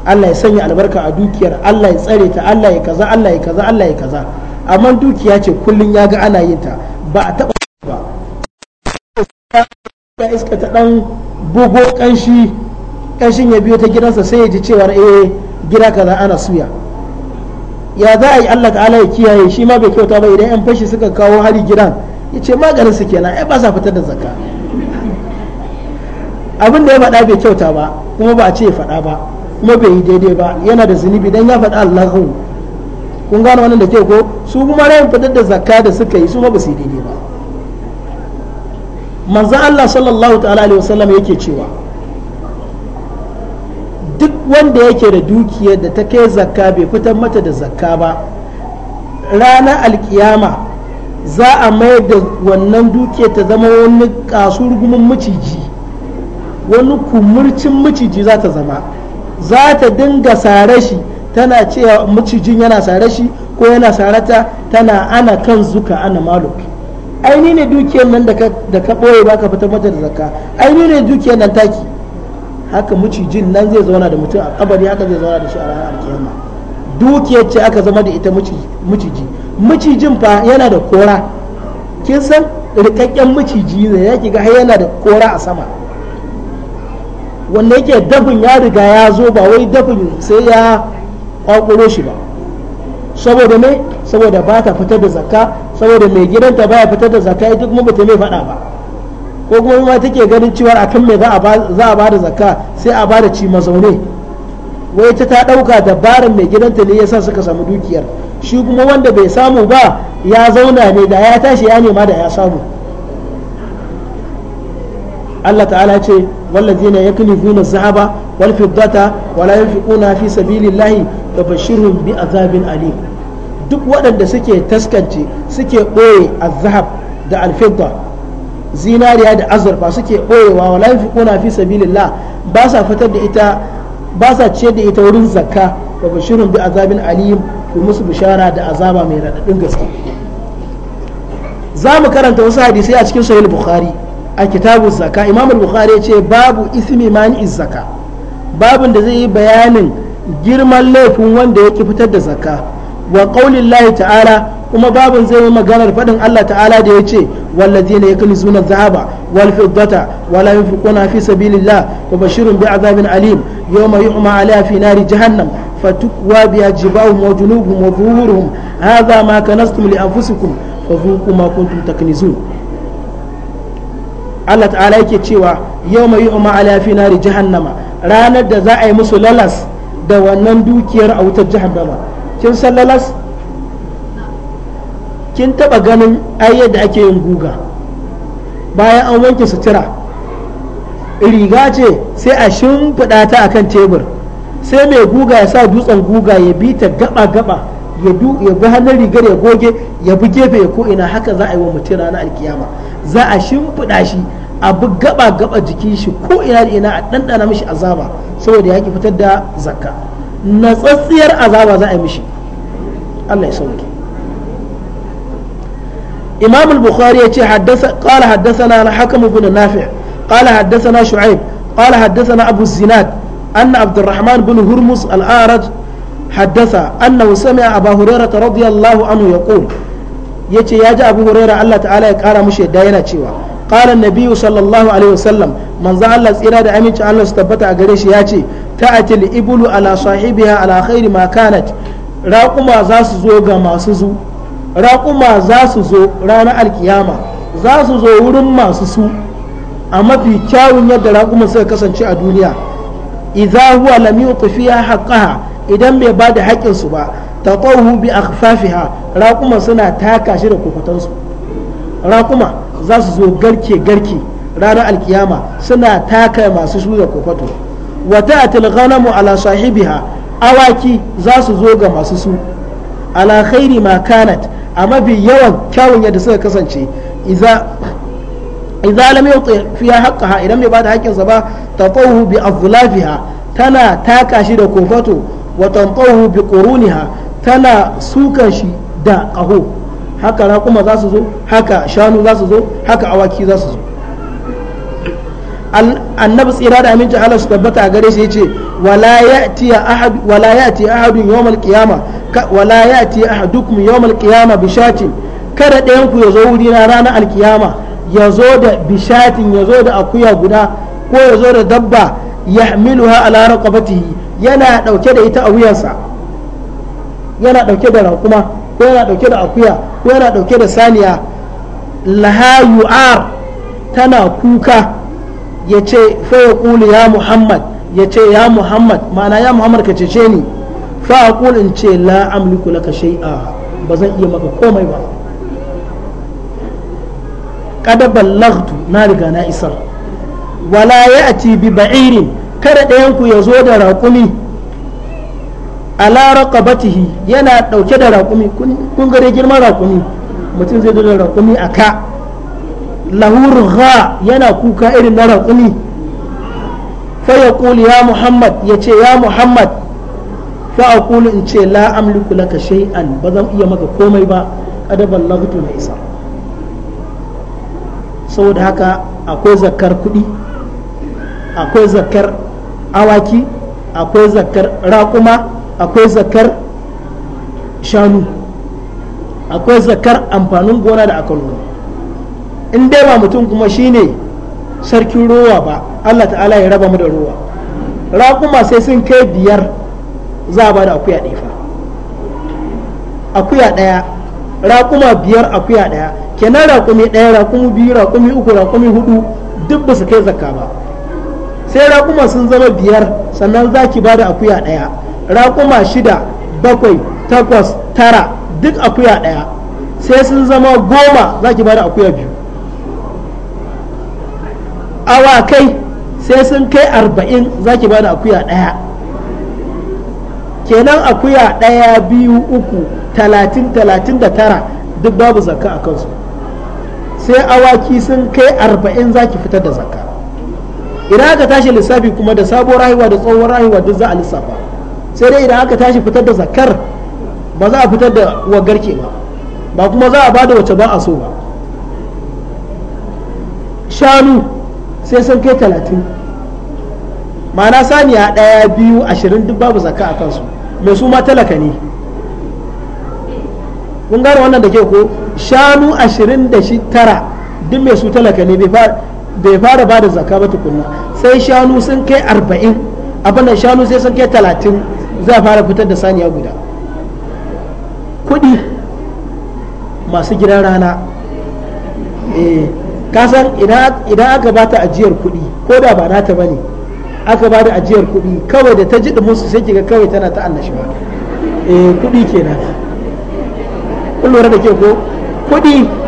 Allah ya sanya albarka a dukiyar Allah ya tsare ta Allah ya kaza Allah ya kaza Allah ya kaza amma dukiya ce kullun ya ga ana yin ta ba a taba ba ya iska ta dan bugo kanshi kanshin ya biyo ta gidansa sai ya ji cewa eh gida kaza ana suya ya za a yi Allah ta'ala ya kiyaye shi ma bai kyauta ba idan yan fashi suka kawo hari gidan ya ce maganin su kenan ai ba sa fitar da zakka abin da ya faɗa bai kyauta ba kuma ba a ce ya faɗa ba kuma bai yi daidai ba yana da zunubi dan ya faɗa Allahu kun gano wannan da ke ko su kuma rayin fitar da zakka da suka yi su ma ba su yi daidai ba manzo Allah sallallahu ta'ala alaihi wasallam yake cewa duk wanda yake da dukiyar da ta kai zakka bai fitar mata da zakka ba ranar alkiyama za a mayar da wannan dukiyar ta zama wani kasurgumin maciji wani kumurcin maciji za ta zama za ta dinga sare shi tana cewa macijin yana sare shi ko yana sarata tana ana kan zuka ana maluk aini ne dukiyar nan da ka ɓoye ba ka fitar mata da zakka aini ne dukiyar nan taki haka macijin nan zai zauna da mutum a kabari haka zai zauna da shi a ranar alkiyama dukiyar ce aka zama da ita maciji macijin fa yana da kora kin san rikakken maciji ne ya ki ga har yana da kora a sama wanda yake dafin ya riga ya zo ba wai dafin sai ya kwakwaro shi ba saboda ne saboda ba ta fitar da zakka saboda mai gidanta ba ya fitar da zakka ita kuma bata mai faɗa ba ko kuma ma take ganin cewa akan me za a ba da zakka sai a ba da ci mazaune wai ta ta ɗauka dabarin mai gidanta ne yasa suka samu dukiyar shi kuma wanda bai samu ba ya zauna ne da ya tashi ya nema da ya samu Allah ta'ala ya ce wallazina yaklifuna zahaba wal fiddata wala yunfiquna fi sabilillahi fabashshirhum bi azabin alim duk waɗanda suke taskance suke ɓoye azhab da alfidda zinariya da azurfa suke ɓoyewa wala yunfiquna fi sabilillah ba sa fitar da ita ba sa ciyar da ita wurin zakka fabashshirhum bi azabin alim ku musu bishara da azaba mai radadin gaske za mu karanta wasu hadisi a cikin sahih bukhari a kitabun zaka imam bukhari ya ce babu ismi mani zaka babin da zai yi bayanin girman laifin wanda ya ki fitar da zaka wa qaulillahi ta'ala kuma babin zai yi maganar faɗin Allah ta'ala da ya ce wallazina yaknizuna dhahaba wal fiddata wala yunfiquna fi sabilillah wa bashirun azabin alim yawma yuhma 'alayha fi nari jahannam فتكوى بها جباههم وجنوبهم وظهورهم هذا ما كنستم لأنفسكم فذوقوا ما kuntum taknizun Allah ta'ala yake cewa yau mai yu'ma ala fi nari jahannama ranar da za a yi musu lalas da wannan dukiyar a wutar jahannama kin san lalas kin taba ganin ai yadda ake yin guga bayan an wanke sutura riga ce sai a shimfiɗa ta akan tebur sai mai guga ya sa dutsen guga ya bi ta gaba gaba ya bi hannun rigar ya goge ya bi gefe ya ko ina haka za a yi wa mutum ranar alkiyama za a shimfiɗa shi a bi gaba gaba jikin shi ko ina da ina a ɗanɗana mishi azaba saboda ya ki fitar da zakka natsatsiyar azaba za a yi mishi Allah ya sauke إمام البخاري حدث قال حدثنا الحكم بن نافع قال حدثنا شعيب قال حدثنا أبو الزناد أن عبد الرحمن بن هرمز الأعرج حدث أنه سمع أبا هريرة رضي الله عنه يقول ya ce ya ji abu hurera Allah ta'ala ya kara mushi yadda yana cewa qala nabiyyu sallallahu alaihi wasallam manzo Allah tsira da aminci Allah su tabbata a gare shi ce ta'atil ibulu ala sahibiha ala khairi ma kanat raquma za su zo ga masu zu raquma za su zo ranar alkiyama za su zo wurin masu su a mafi kyawun yadda raquma suka kasance a duniya idza huwa lam yuqfiha haqqaha idan bai ba da haƙƙinsu ba ta ƙwahu bi akhfafiha raƙuma suna taka shi da kokotansu raƙuma za su zo garke garke ranar alkiyama suna taka masu su da kokoto wata atil ghanamu ala sahibiha awaki za su zo ga masu su ala khairi ma kanat a mafi yawan kyawun yadda suka kasance iza idza lam yuti fiha haqqaha idan bai ba da haƙƙinsa ba ta bi azlafiha tana taka shi da kofato wa tantahu bi quruniha tana sukan shi da ƙaho haka raƙuma za su zo haka shanu za su zo haka awaki za su zo annabi tsira da aminci Allah su tabbata a gare shi yace wala ya'ti ahad wala ya'ti ahadun yawmal qiyama wala ya'ti ahadukum yawmal qiyama bi shatin kada ɗayan ku ya zo wuri na ranar alkiyama yazo da bishatin yazo da akuya guda ko yazo da dabba yahmiluha ala raqabatihi yana ɗauke da ita a wuyansa yana dauke da raƙuma ko yana dauke da akuya ko yana ɗauke da saniya laha yu'ar tana kuka ya ce fa ya muhammad ya ce ya muhammad ma'ana ya muhammad ka cece ni fa in ce la amliku laka shay'a ba zan iya maka komai ba kada ballaghtu na riga na isar wala ya'ti bi ba'irin kada ɗayan ku ya zo da raƙumi a ala batihi yana ɗauke da raƙumi kun gare girman raƙumi mutum zai zo da raƙumi a ka lahur yana kuka irin na raƙumi fa ya ya muhammad ya ce ya muhammad fa ƙuli in ce la amliku laka shay'an ba zan iya maka komai ba kada lagutu na isa saboda haka akwai zakar kuɗi akwai zakar awaki akwai zakar raƙuma akwai zakar shanu akwai zakar amfanin gona da aka nuna in dai ba mutum kuma shine sarkin rowa ba Allah ta'ala ya raba mu da rowa raƙuma sai sun kai biyar za a ba da akuya ɗaya fa akuya ɗaya raƙuma biyar akuya ɗaya kenan raƙumi ɗaya raƙumi biyu raƙumi uku raƙumi hudu duk ba su kai zakka ba sai raƙuma sun zama biyar sannan za ki ba da akuya ɗaya raƙuma shida bakwai takwas tara duk akuya ɗaya sai sun zama goma za ki ba da akuya biyu awakai sai sun kai arba'in za ki ba da akuya ɗaya kenan akuya ɗaya biyu uku talatin talatin da tara duk babu zakka a kansu sai awaki sun kai arba'in za ki fitar da zakka idan aka tashi lissafi kuma da sabuwar rayuwa da tsohuwar rayuwa duk za a lissafa sai dai idan aka tashi fitar da zakar ba za a fitar da wagarke ba ba kuma za a bada wacce ba a so ba shanu sai sun kai talatin ma'ana saniya ɗaya biyu ashirin duk babu zakka a kansu mai su ma talaka ne kun gane wannan da ke ko shanu ashirin da shi tara duk mai su talaka ne bai fara ba da zaka ba tukunna sai shanu sun kai arba'in abin shanu sai sun kai talatin za a fara fitar da saniya guda kuɗi masu gidan rana eh, kasan idan aka ba ta ajiyar kuɗi ko da ba nata ba ne aka ba da ajiyar kuɗi kawai da ta jiɗi musu sai kiga kawai tana ta annashuwa eh, kuɗi kenan kun lura da ke ko kuɗi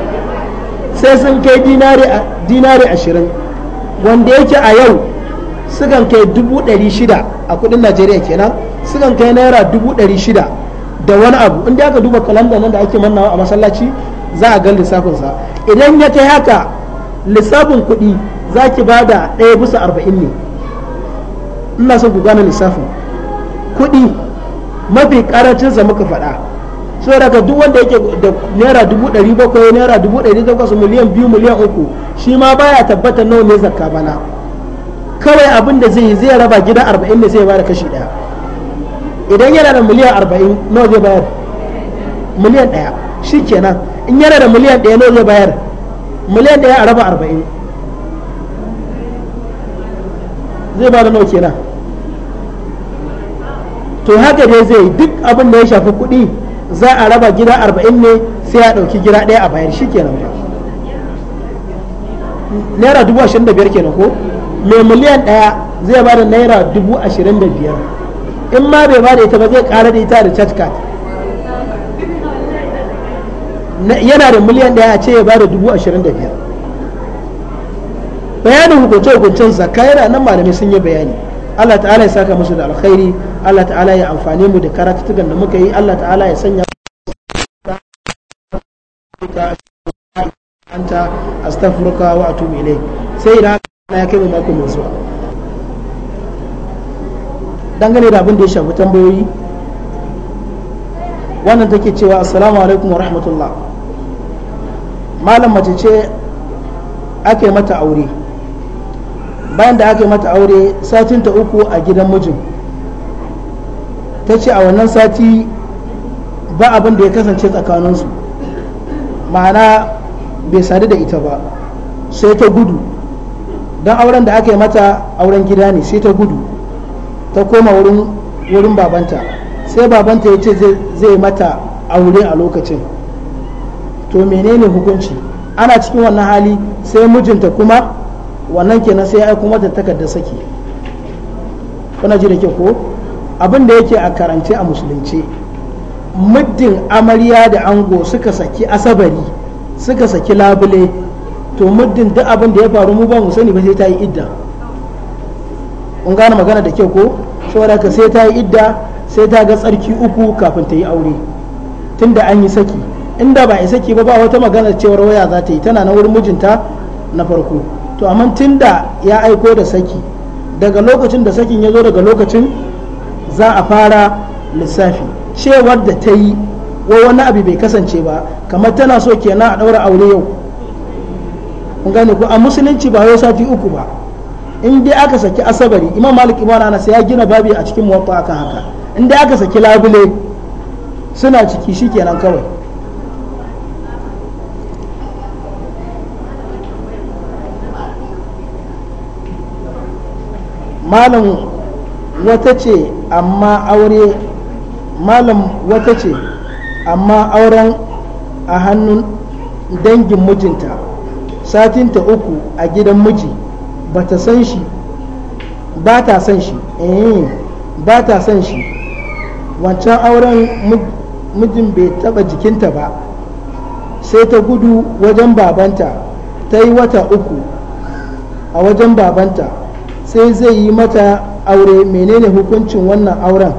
sai sun kai dinari ashirin wanda yake a yau sukan kai dubu ɗari shida a kudin najeriya kenan sukan kai naira dubu ɗari shida da wani abu inda aka duba kalanda nan da ake mannawa a masallaci za a ga lissafinsa idan ya kai haka lissafin kuɗi za ki ba da ɗaya bisa arba'in ne ina son ku gane lissafin kuɗi mafi ƙarancinsa muka faɗa so daga duk wanda yake da naira dubu ɗari bakwai naira dubu ɗari takwas miliyan biyu miliyan uku shi ma baya tabbatar nawa ne zakka bana kawai abin da zai yi zai raba gida arba'in ne zai ya bada kashi ɗaya idan yana da miliyan arba'in nawa zai bayar miliyan ɗaya shi kenan in yana da miliyan ɗaya nawa zai bayar miliyan ɗaya a raba arba'in zai bada nawa kenan to haka dai zai duk abin da ya shafi kuɗi za a raba gida arba'in ne sai a ɗauki gida ɗaya a bayar shi kenan ba naira dubu ashirin da biyar kenan ko mai miliyan ɗaya zai ba da naira dubu ashirin da biyar in ma bai ba da ita ba zai ƙara da ita da chat card yana da miliyan ɗaya a ce ya ba da dubu ashirin da biyar bayanin hukunce-hukuncen zakka yana nan malamai sun yi bayani Allah ta'ala ya saka musu da alkhairi Allah ta'ala ya amfane mu da karatutukan da muka yi Allah ta'ala ya sanya anta astaghfiruka wa atubu ilayk sai idan ya kai mu mako mai zuwa dangane da abin da ya shafi tambayoyi wannan take cewa assalamu alaikum wa rahmatullah malam mace ce ake mata aure bayan da aka yi mata aure satin ta uku a gidan mijin ta ce a wannan sati ba abin da ya kasance tsakaninsu ma'ana bai sadu da ita ba sai ta gudu don auren da aka yi mata auren gida ne sai ta gudu ta koma wurin babanta sai babanta ya ce zai mata aure a lokacin to menene hukunci ana cikin wannan hali sai mijinta kuma wannan kenan sai ya kuma mata takarda saki kuna ji da ke ko abin da yake a karance a musulunce muddin amarya da ango suka saki asabari suka saki labule to muddin duk abin da ya faru mu ba mu sani ba sai ta yi idda kun gane magana da kyau ko saboda ka sai ta yi idda sai ta ga tsarki uku kafin ta yi aure tunda an yi saki inda ba a yi saki ba ba wata magana cewar waya za ta yi tana na wurin mijinta na farko to amma da ya aiko da saki daga lokacin da sakin ya zo daga lokacin za a fara lissafi cewar da ta yi wa wani abu bai kasance ba kamar tana so kenan a ɗaura aure yau kun gane ku a musulunci ba yau sati uku ba in dai aka saki asabari imam malik imam sai ya gina babi a cikin muwatta akan haka in dai aka saki labule suna ciki shi kenan kawai malam wata ce amma aure malam wata ce amma auren a hannun dangin mijinta satinta uku a gidan miji ba ta san shi ba ta san shi eh ba ta san shi wancan auren mijin bai taba jikinta ba sai ta gudu wajen babanta ta yi wata uku a wajen babanta sai zai yi mata aure menene hukuncin wannan auren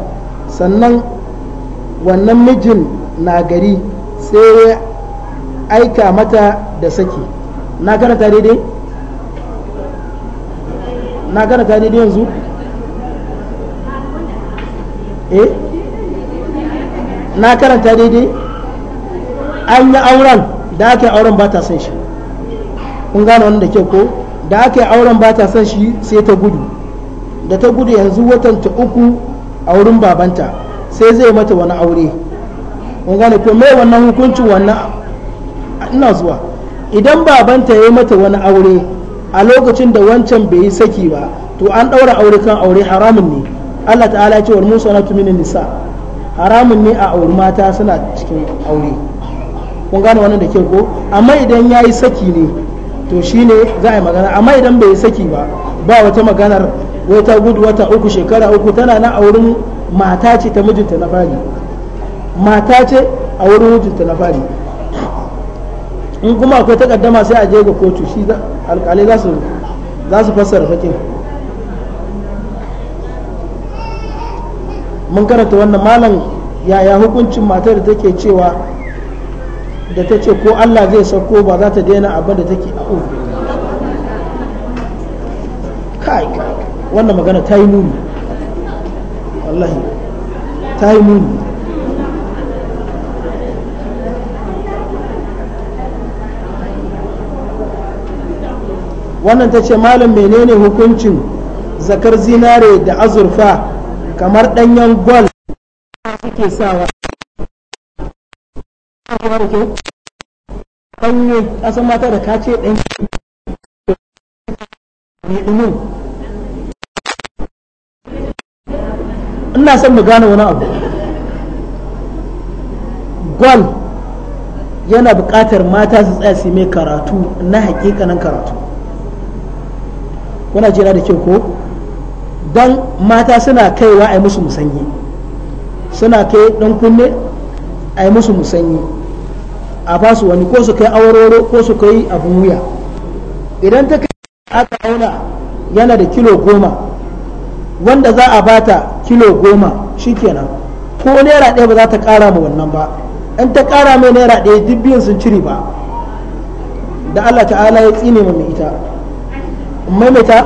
sannan wannan mijin na gari sai ya aika mata da saki na karanta daidai na karanta daidai yanzu eh na karanta daidai an yi auren da ake auren ba ta son shi kun gane wanda ke ko da aka yi auren ba ta son shi sai ta gudu da ta gudu yanzu watan ta uku a wurin babanta sai zai mata wani aure kun gane ko mai wannan hukuncin wannan ina zuwa idan babanta ya yi mata wani aure a lokacin da wancan bai yi saki ba to an ɗaura aure kan aure haramun ne Allah ta'ala ya ce wal musanatu minin nisa haramun ne a auri mata suna cikin aure kun gane wannan da ke ko amma idan ya yi saki ne to shine za a yi magana amma idan bai saki ba ba wata maganar wata gudu wata uku shekara uku tana na a wurin mata ce ta mijinta na fari mata ce a wurin mijinta na fari in kuma akwai takaddama sai a je ga kotu shi alkalai za su fassara fakin mun karanta wannan malam yaya hukuncin matar da take cewa da ta ce ko Allah zai sauko ba za ta daina abin da take a ofe kai wannan magana ta yi nuni. wallahi ta yi nuni wannan ta ce malam menene hukuncin zakar zinare da azurfa kamar ɗanyen gwal da suke sawa kuma da kyau ɗanye kasan mata da ka ce ɗanye mai ina son mu gane wani abu gwal yana buƙatar mata su tsaya su mai karatu na hakikanin karatu kuna jira da kyau ko don mata suna kaiwa a yi musu musanyi suna kai ɗan kunne a yi musu musanyi a ba su wani ko su kai awaroro ko su kai abun wuya idan ta kai aka auna yana da kilo goma wanda za a bata kilo goma shikenan ko naira ɗaya ba za ta ƙara ma wannan ba in ta ƙara mai naira ɗaya duk biyun sun ciri ba da Allah ta'ala ya tsine mai ita maimaita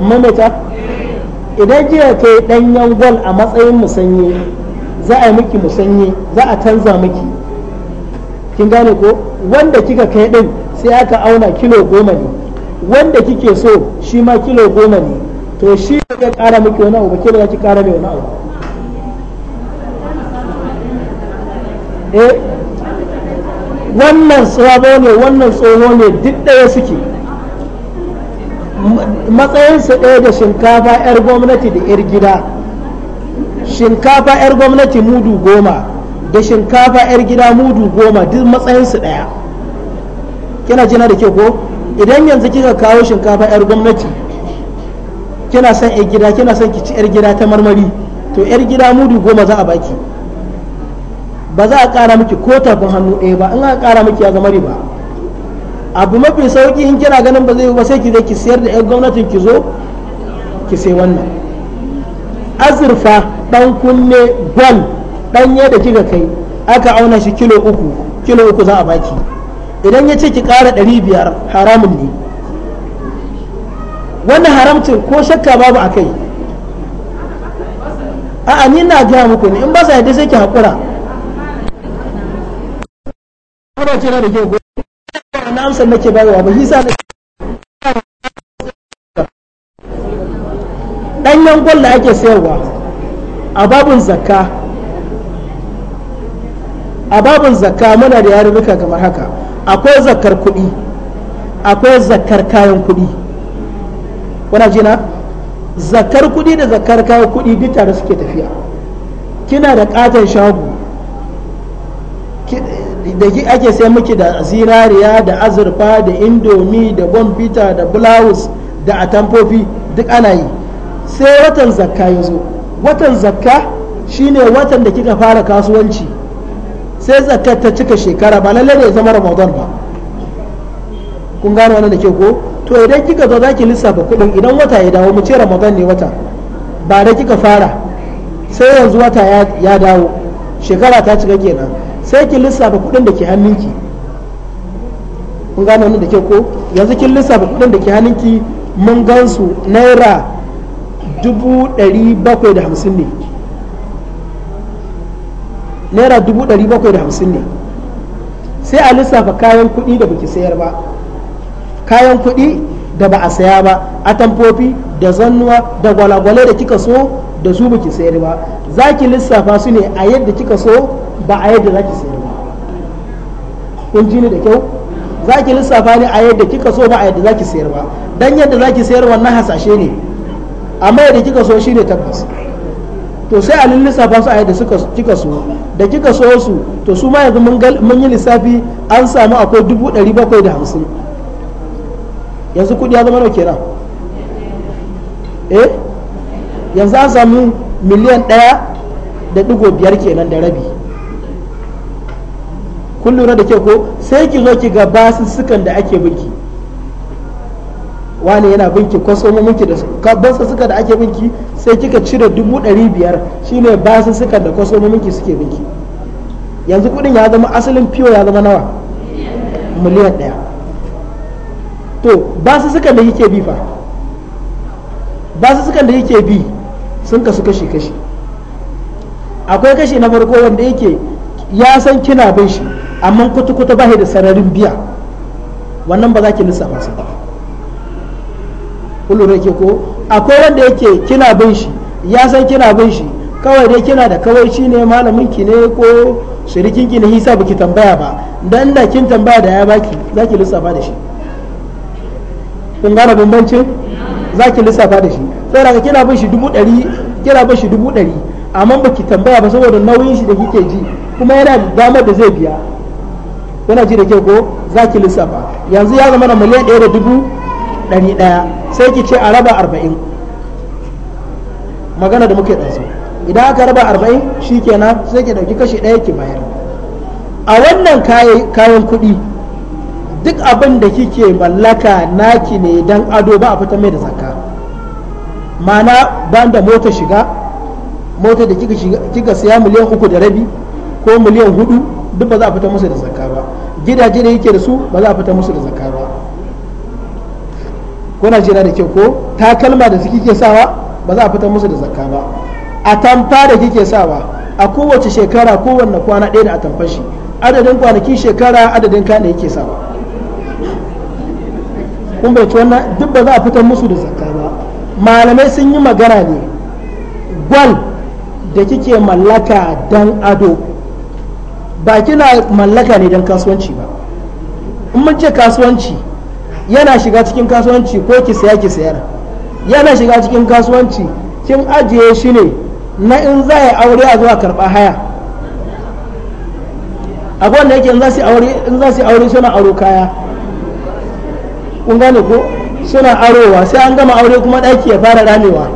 maimaita idan jiya ta yi ɗanyen gwal a matsayin musanye za a yi miki musanye za a canza miki kin gane ko wanda kika kai din sai aka auna kilo goma ne wanda kike so shi ma kilo goma ne to shi ya kara miki wani abu kilo ya ki kara mai wani abu eh wannan sabo ne wannan tsoho ne duk ɗaya suke matsayinsu ɗaya da shinkafa 'yar gwamnati da 'yar gida shinkafa 'yar gwamnati mudu goma da shinkafa 'yar gida mudu goma duk matsayinsu ɗaya kina jina da ke ko idan yanzu kika kawo shinkafa 'yar gwamnati kina son 'yar gida kina son ki ci 'yar gida ta marmari to 'yar gida mudu goma za a baki ba za a ƙara miki ko tafin hannu ɗaya ba in aka ƙara miki ya zama riba abu mafi sauki in kina ganin ba zai ba sai ki zai ki siyar da 'yar gwamnatin ki zo ki sai wannan azurfa ɗan kunne gwal ɗanye da kika kai aka auna shi kilo uku kilo uku za a baki idan ya ce ki ƙara ɗari biyar haramun ne wannan haramcin ko shakka babu a kai a'a ni na gaya muku ne in ba sa yadda sai ki haƙura na amsar nake bayarwa ba yi hisa nake ƙwallon gwal ake sayarwa a babin zakka a babin zakka muna da yarurruka kamar haka akwai zakkar kuɗi akwai zakkar kayan kuɗi kuna jina zakkar kuɗi da zakkar kayan kuɗi duk tare suke tafiya kina da katon shago da ki ake sai miki da zinariya da azurfa da indomi da bombita da blouse da atamfofi duk ana yi sai watan zakka ya zo watan zakka shine watan da kika fara kasuwanci sai zakka ta cika shekara ba lallai ne zama ramadan ba kun gane wannan da ke ko to idan kika zo zaki lissafa kuɗin idan wata ya dawo mu ce ramadan ne wata ba da kika fara sai yanzu wata ya dawo shekara ta cika kenan sai ki lissafa kuɗin da ke hannunki kun gane wannan da ke ko yanzu kin lissafa kuɗin da ke hannunki mun gansu naira dubu bakwai da hamsin ne naira dubu bakwai da hamsin ne sai a lissafa kayan kuɗi da baki sayar ba kayan kuɗi da ba a saya ba a tamfofi da zannuwa da gwalagwale da kika so da su baki sayar ba za ki lissafa su ne a yadda kika so ba a yadda za ki sayar ba kun ji ni da kyau za ki lissafa ne a yadda kika so ba a yadda za ki sayar ba don yadda za ki sayar wannan hasashe ne amma da kika so shi ne tabbas to sai a lissafa su a yadda suka kika so da kika so su to su ma yanzu mun yi lissafi an samu akwai dubu ɗari bakwai da hamsin yanzu kuɗi ya zama nau kenan eh yanzu an samu miliyan ɗaya da ɗigo biyar kenan da rabi kun lura da ke ko sai ki zo ki ga sukan da ake binki wani yana binki kwastomominki da kabbansa suka da ake binki sai kika cire dubu ɗari biyar shine su suka da kwastomominki suke binki yanzu kudin ya zama asalin fiyo ya zama nawa miliyan ɗaya to su suka da yake bi fa su suka da yake bi sun kasu kashi kashi akwai kashi na farko wanda yake ya san kina bin shi amma kwata-kwata ba da sararin biya wannan ba za ki lissafa su ba kullum yake ko akwai wanda yake kina bin shi ya san kina bin shi kawai dai kina da shi ne malamin ki ne ko shirikin ki ne hisa baki tambaya ba dan da kin tambaya da ya baki zaki lissafa da shi kun gane bambancin zaki lissafa da shi sai daga kina bin shi dubu ɗari kina bin shi dubu ɗari amma baki tambaya ba saboda nauyin shi da kike ji kuma yana da damar da zai biya yana ji da ke ko zaki lissafa yanzu ya zama na miliyan ɗaya da dubu ɗari ɗaya sai ki ce a raba arba'in magana da muke ɗansu idan aka raba arba'in shi kenan sai ki ɗauki kashi ɗaya ki bayar a wannan kayan kuɗi duk abin da kike mallaka naki ne don ado ba a fita mai da zakka mana ban da mota shiga mota da kika siya miliyan uku da rabi ko miliyan hudu duk ba za a fita musu da zakka ba gidaje da yake da su ba za a fita musu da zakka ba kuna jira da kyau ko takalma da kike sawa ba za a fitar musu da zakka ba a tamfa da kike sawa a kowace shekara kowanne kwana ɗaya da a tamfa shi adadin kwanakin shekara adadin kana yake sawa kun bai wannan duk ba za a fitar musu da zakka ba malamai sun yi magana ne gwal da kike mallaka dan ado ba kina mallaka ne dan kasuwanci ba in mun ce kasuwanci yana shiga cikin kasuwanci ko ki saya ki sayar yana shiga cikin kasuwanci kin ajiye shi ne na in za ya aure a zuwa karɓa haya abu wanda yake in za su aure suna aro kaya kun gane ko suna arowa sai an gama aure kuma ɗaki ya fara ramewa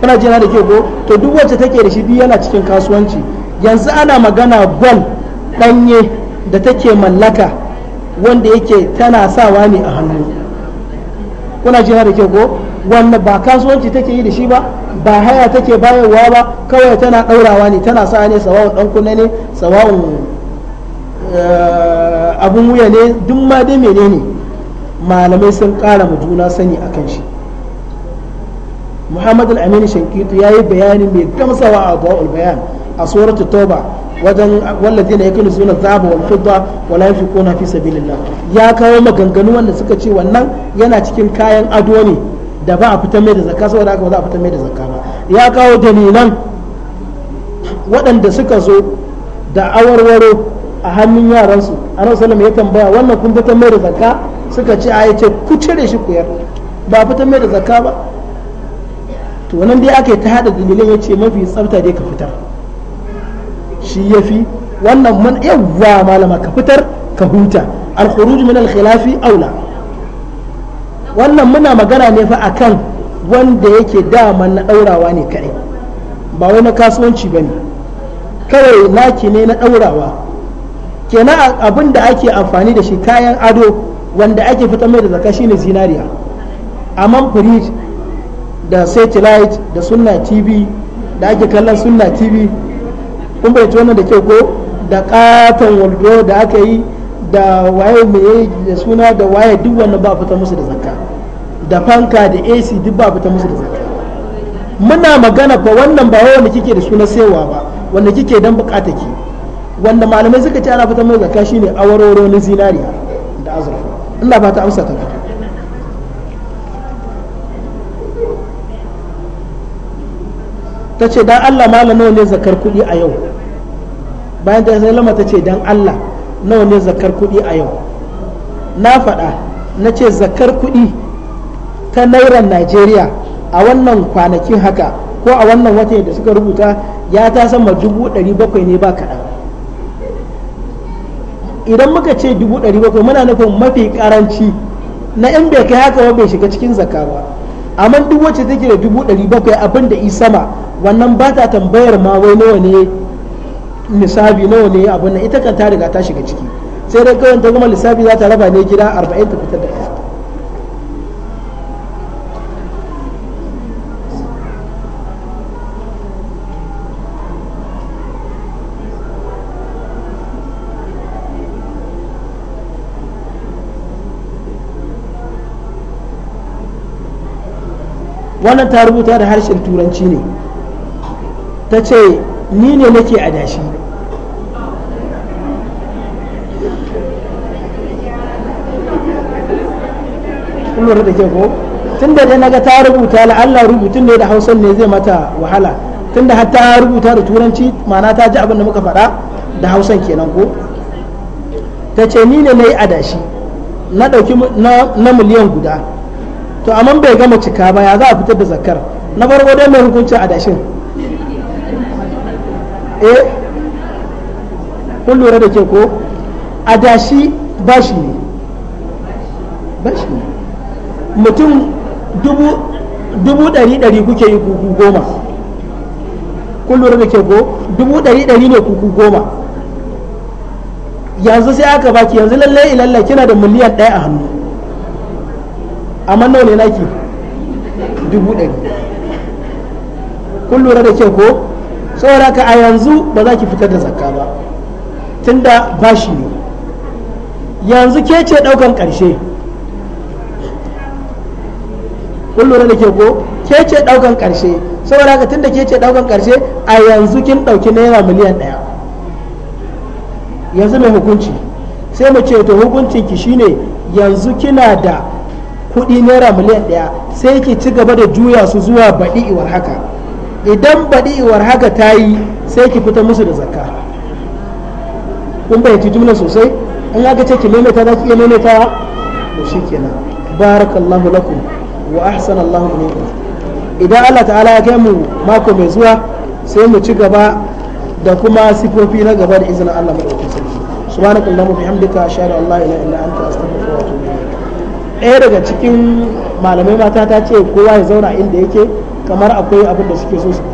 kuna jina da ke ko to duk wacce take da shi biyu yana cikin kasuwanci yanzu ana magana gwal ɗanye da take mallaka wanda yake tana sawa ne a hannu kuna jira da ke ko wanda ba kasuwanci take yi da shi ba ba haya take bayarwa ba kawai tana ɗaurawa ne tana sawa ne sawa ɗan kunne ne sawa eh, abun wuya ne duk ma dai menene malamai sun ƙara mu juna sani a kan shi muhammad al-amin shankitu ya yi bayani mai gamsawa a bayan a tsoron tauba wajen ya na yakunu suna zaba wal fidda wa la yunfiquna fi sabilillah ya kawo maganganu wanda suka ce wannan yana cikin kayan ado ne da ba a fitar mai da zakka saboda haka ba za a fitar mai da zakka ba ya kawo dalilan waɗanda suka zo da awarwaro a hannun yaransu annabi sallallahu ya tambaya wannan kun fitar mai da zakka suka ce a yace ku cire shi ku yar ba fitar mai da zakka ba to nan dai ake ta hada dalilin ce mafi tsafta dai ka fitar shi ya fi wannan man yawwa malama ka fitar ka huta al-khuruj min al-khilafi aula wannan muna magana ne fa akan wanda yake daman na daurawa ne kai ba wai na kasuwanci bane kawai naki ne na daurawa kenan abin da ake amfani da shi kayan ado wanda ake fitar mai da zaka shine zinariya amma firij da satellite da sunna tv da ake kallon sunna tv kun bai wannan da kyau ko da katon waldo da aka yi da waye mai da suna da waye duk wannan ba fita musu da zakka da fanka da ac duk ba fita musu da zakka muna magana fa wannan ba wanda kike da suna sewa ba wanda kike dan bukata ki wanda malamai suka ce ana fita musu zakka shine awaroro na zinariya da azurfa Allah ba ta amsa ta ta ce dan Allah malamai ne zakar kuɗi a yau bayan ta sallama ta ce dan Allah nawa ne zakar kuɗi a yau na faɗa na ce zakar kuɗi ta nairan Najeriya a wannan kwanakin haka ko a wannan watan da suka rubuta ya ta sama dubu ɗari bakwai ne ba kaɗan idan muka ce dubu ɗari bakwai muna nufin mafi karanci na yan bai kai haka bai shiga cikin zakka ba amma duk wacce take da dubu ɗari bakwai abin da i sama wannan ba ta tambayar ma wai nawa ne misabi nawa ne abun nan ita kan ta riga ta shiga ciki sai dai kawai ta gama lissafi za ta raba ne gida 40 ta fitar da ɗaya wannan ta rubuta da harshen turanci ne ta ce ni ne nake dashi kuma da ke ko tun da dai naga ta rubuta Allah rubutun ne da hausan ne zai mata wahala tun da hatta rubuta da turanci ma'ana ta ji abin da muka faɗa da hausan kenan ko ta ce ni ne na yi adashi na ɗauki na miliyan guda to amma bai gama cika ba ya za a fitar da zakar na farko dai mai hukuncin adashin eh kun lura da ke ko adashi bashi ne bashi ne mutum dubu ɗari ɗari kuke yi kuku goma kun lura da ke ko dubu ɗari ɗari ne kuku goma yanzu sai aka baki yanzu lallai ilalla kina da miliyan ɗaya a hannu amma nawa ne naki dubu ɗari kun lura da ke ko saboda ka a yanzu ba za ki fitar da zakka ba tunda bashi ne yanzu ke ce daukan karshe kun lura da ke ko ke ce daukan karshe saboda tun tunda ke ce daukan karshe a yanzu kin dauki naira miliyan daya yanzu mai hukunci sai mu ce to hukuncin ki shine yanzu kina da kuɗi naira miliyan daya sai ki ci gaba da juya su zuwa baɗi iwar haka idan badi'uwar haka ta yi sai ki fita musu da zakka kun bayyanci jumla sosai an aka ce ki maimaita za ki iya maimaita to shi kenan barakallahu lakum wa ahsan allahu ilaykum idan Allah ta'ala ya kai mu mako mai zuwa sai mu ci gaba da kuma sifofi na gaba da izinin Allah madaukakin sarki wa bihamdika ashhadu an la ilaha illa anta astaghfiruka wa atubu ilayk ɗaya daga cikin malamai mata ta ce kowa ya zauna inda yake kamar akwai abin da suke so su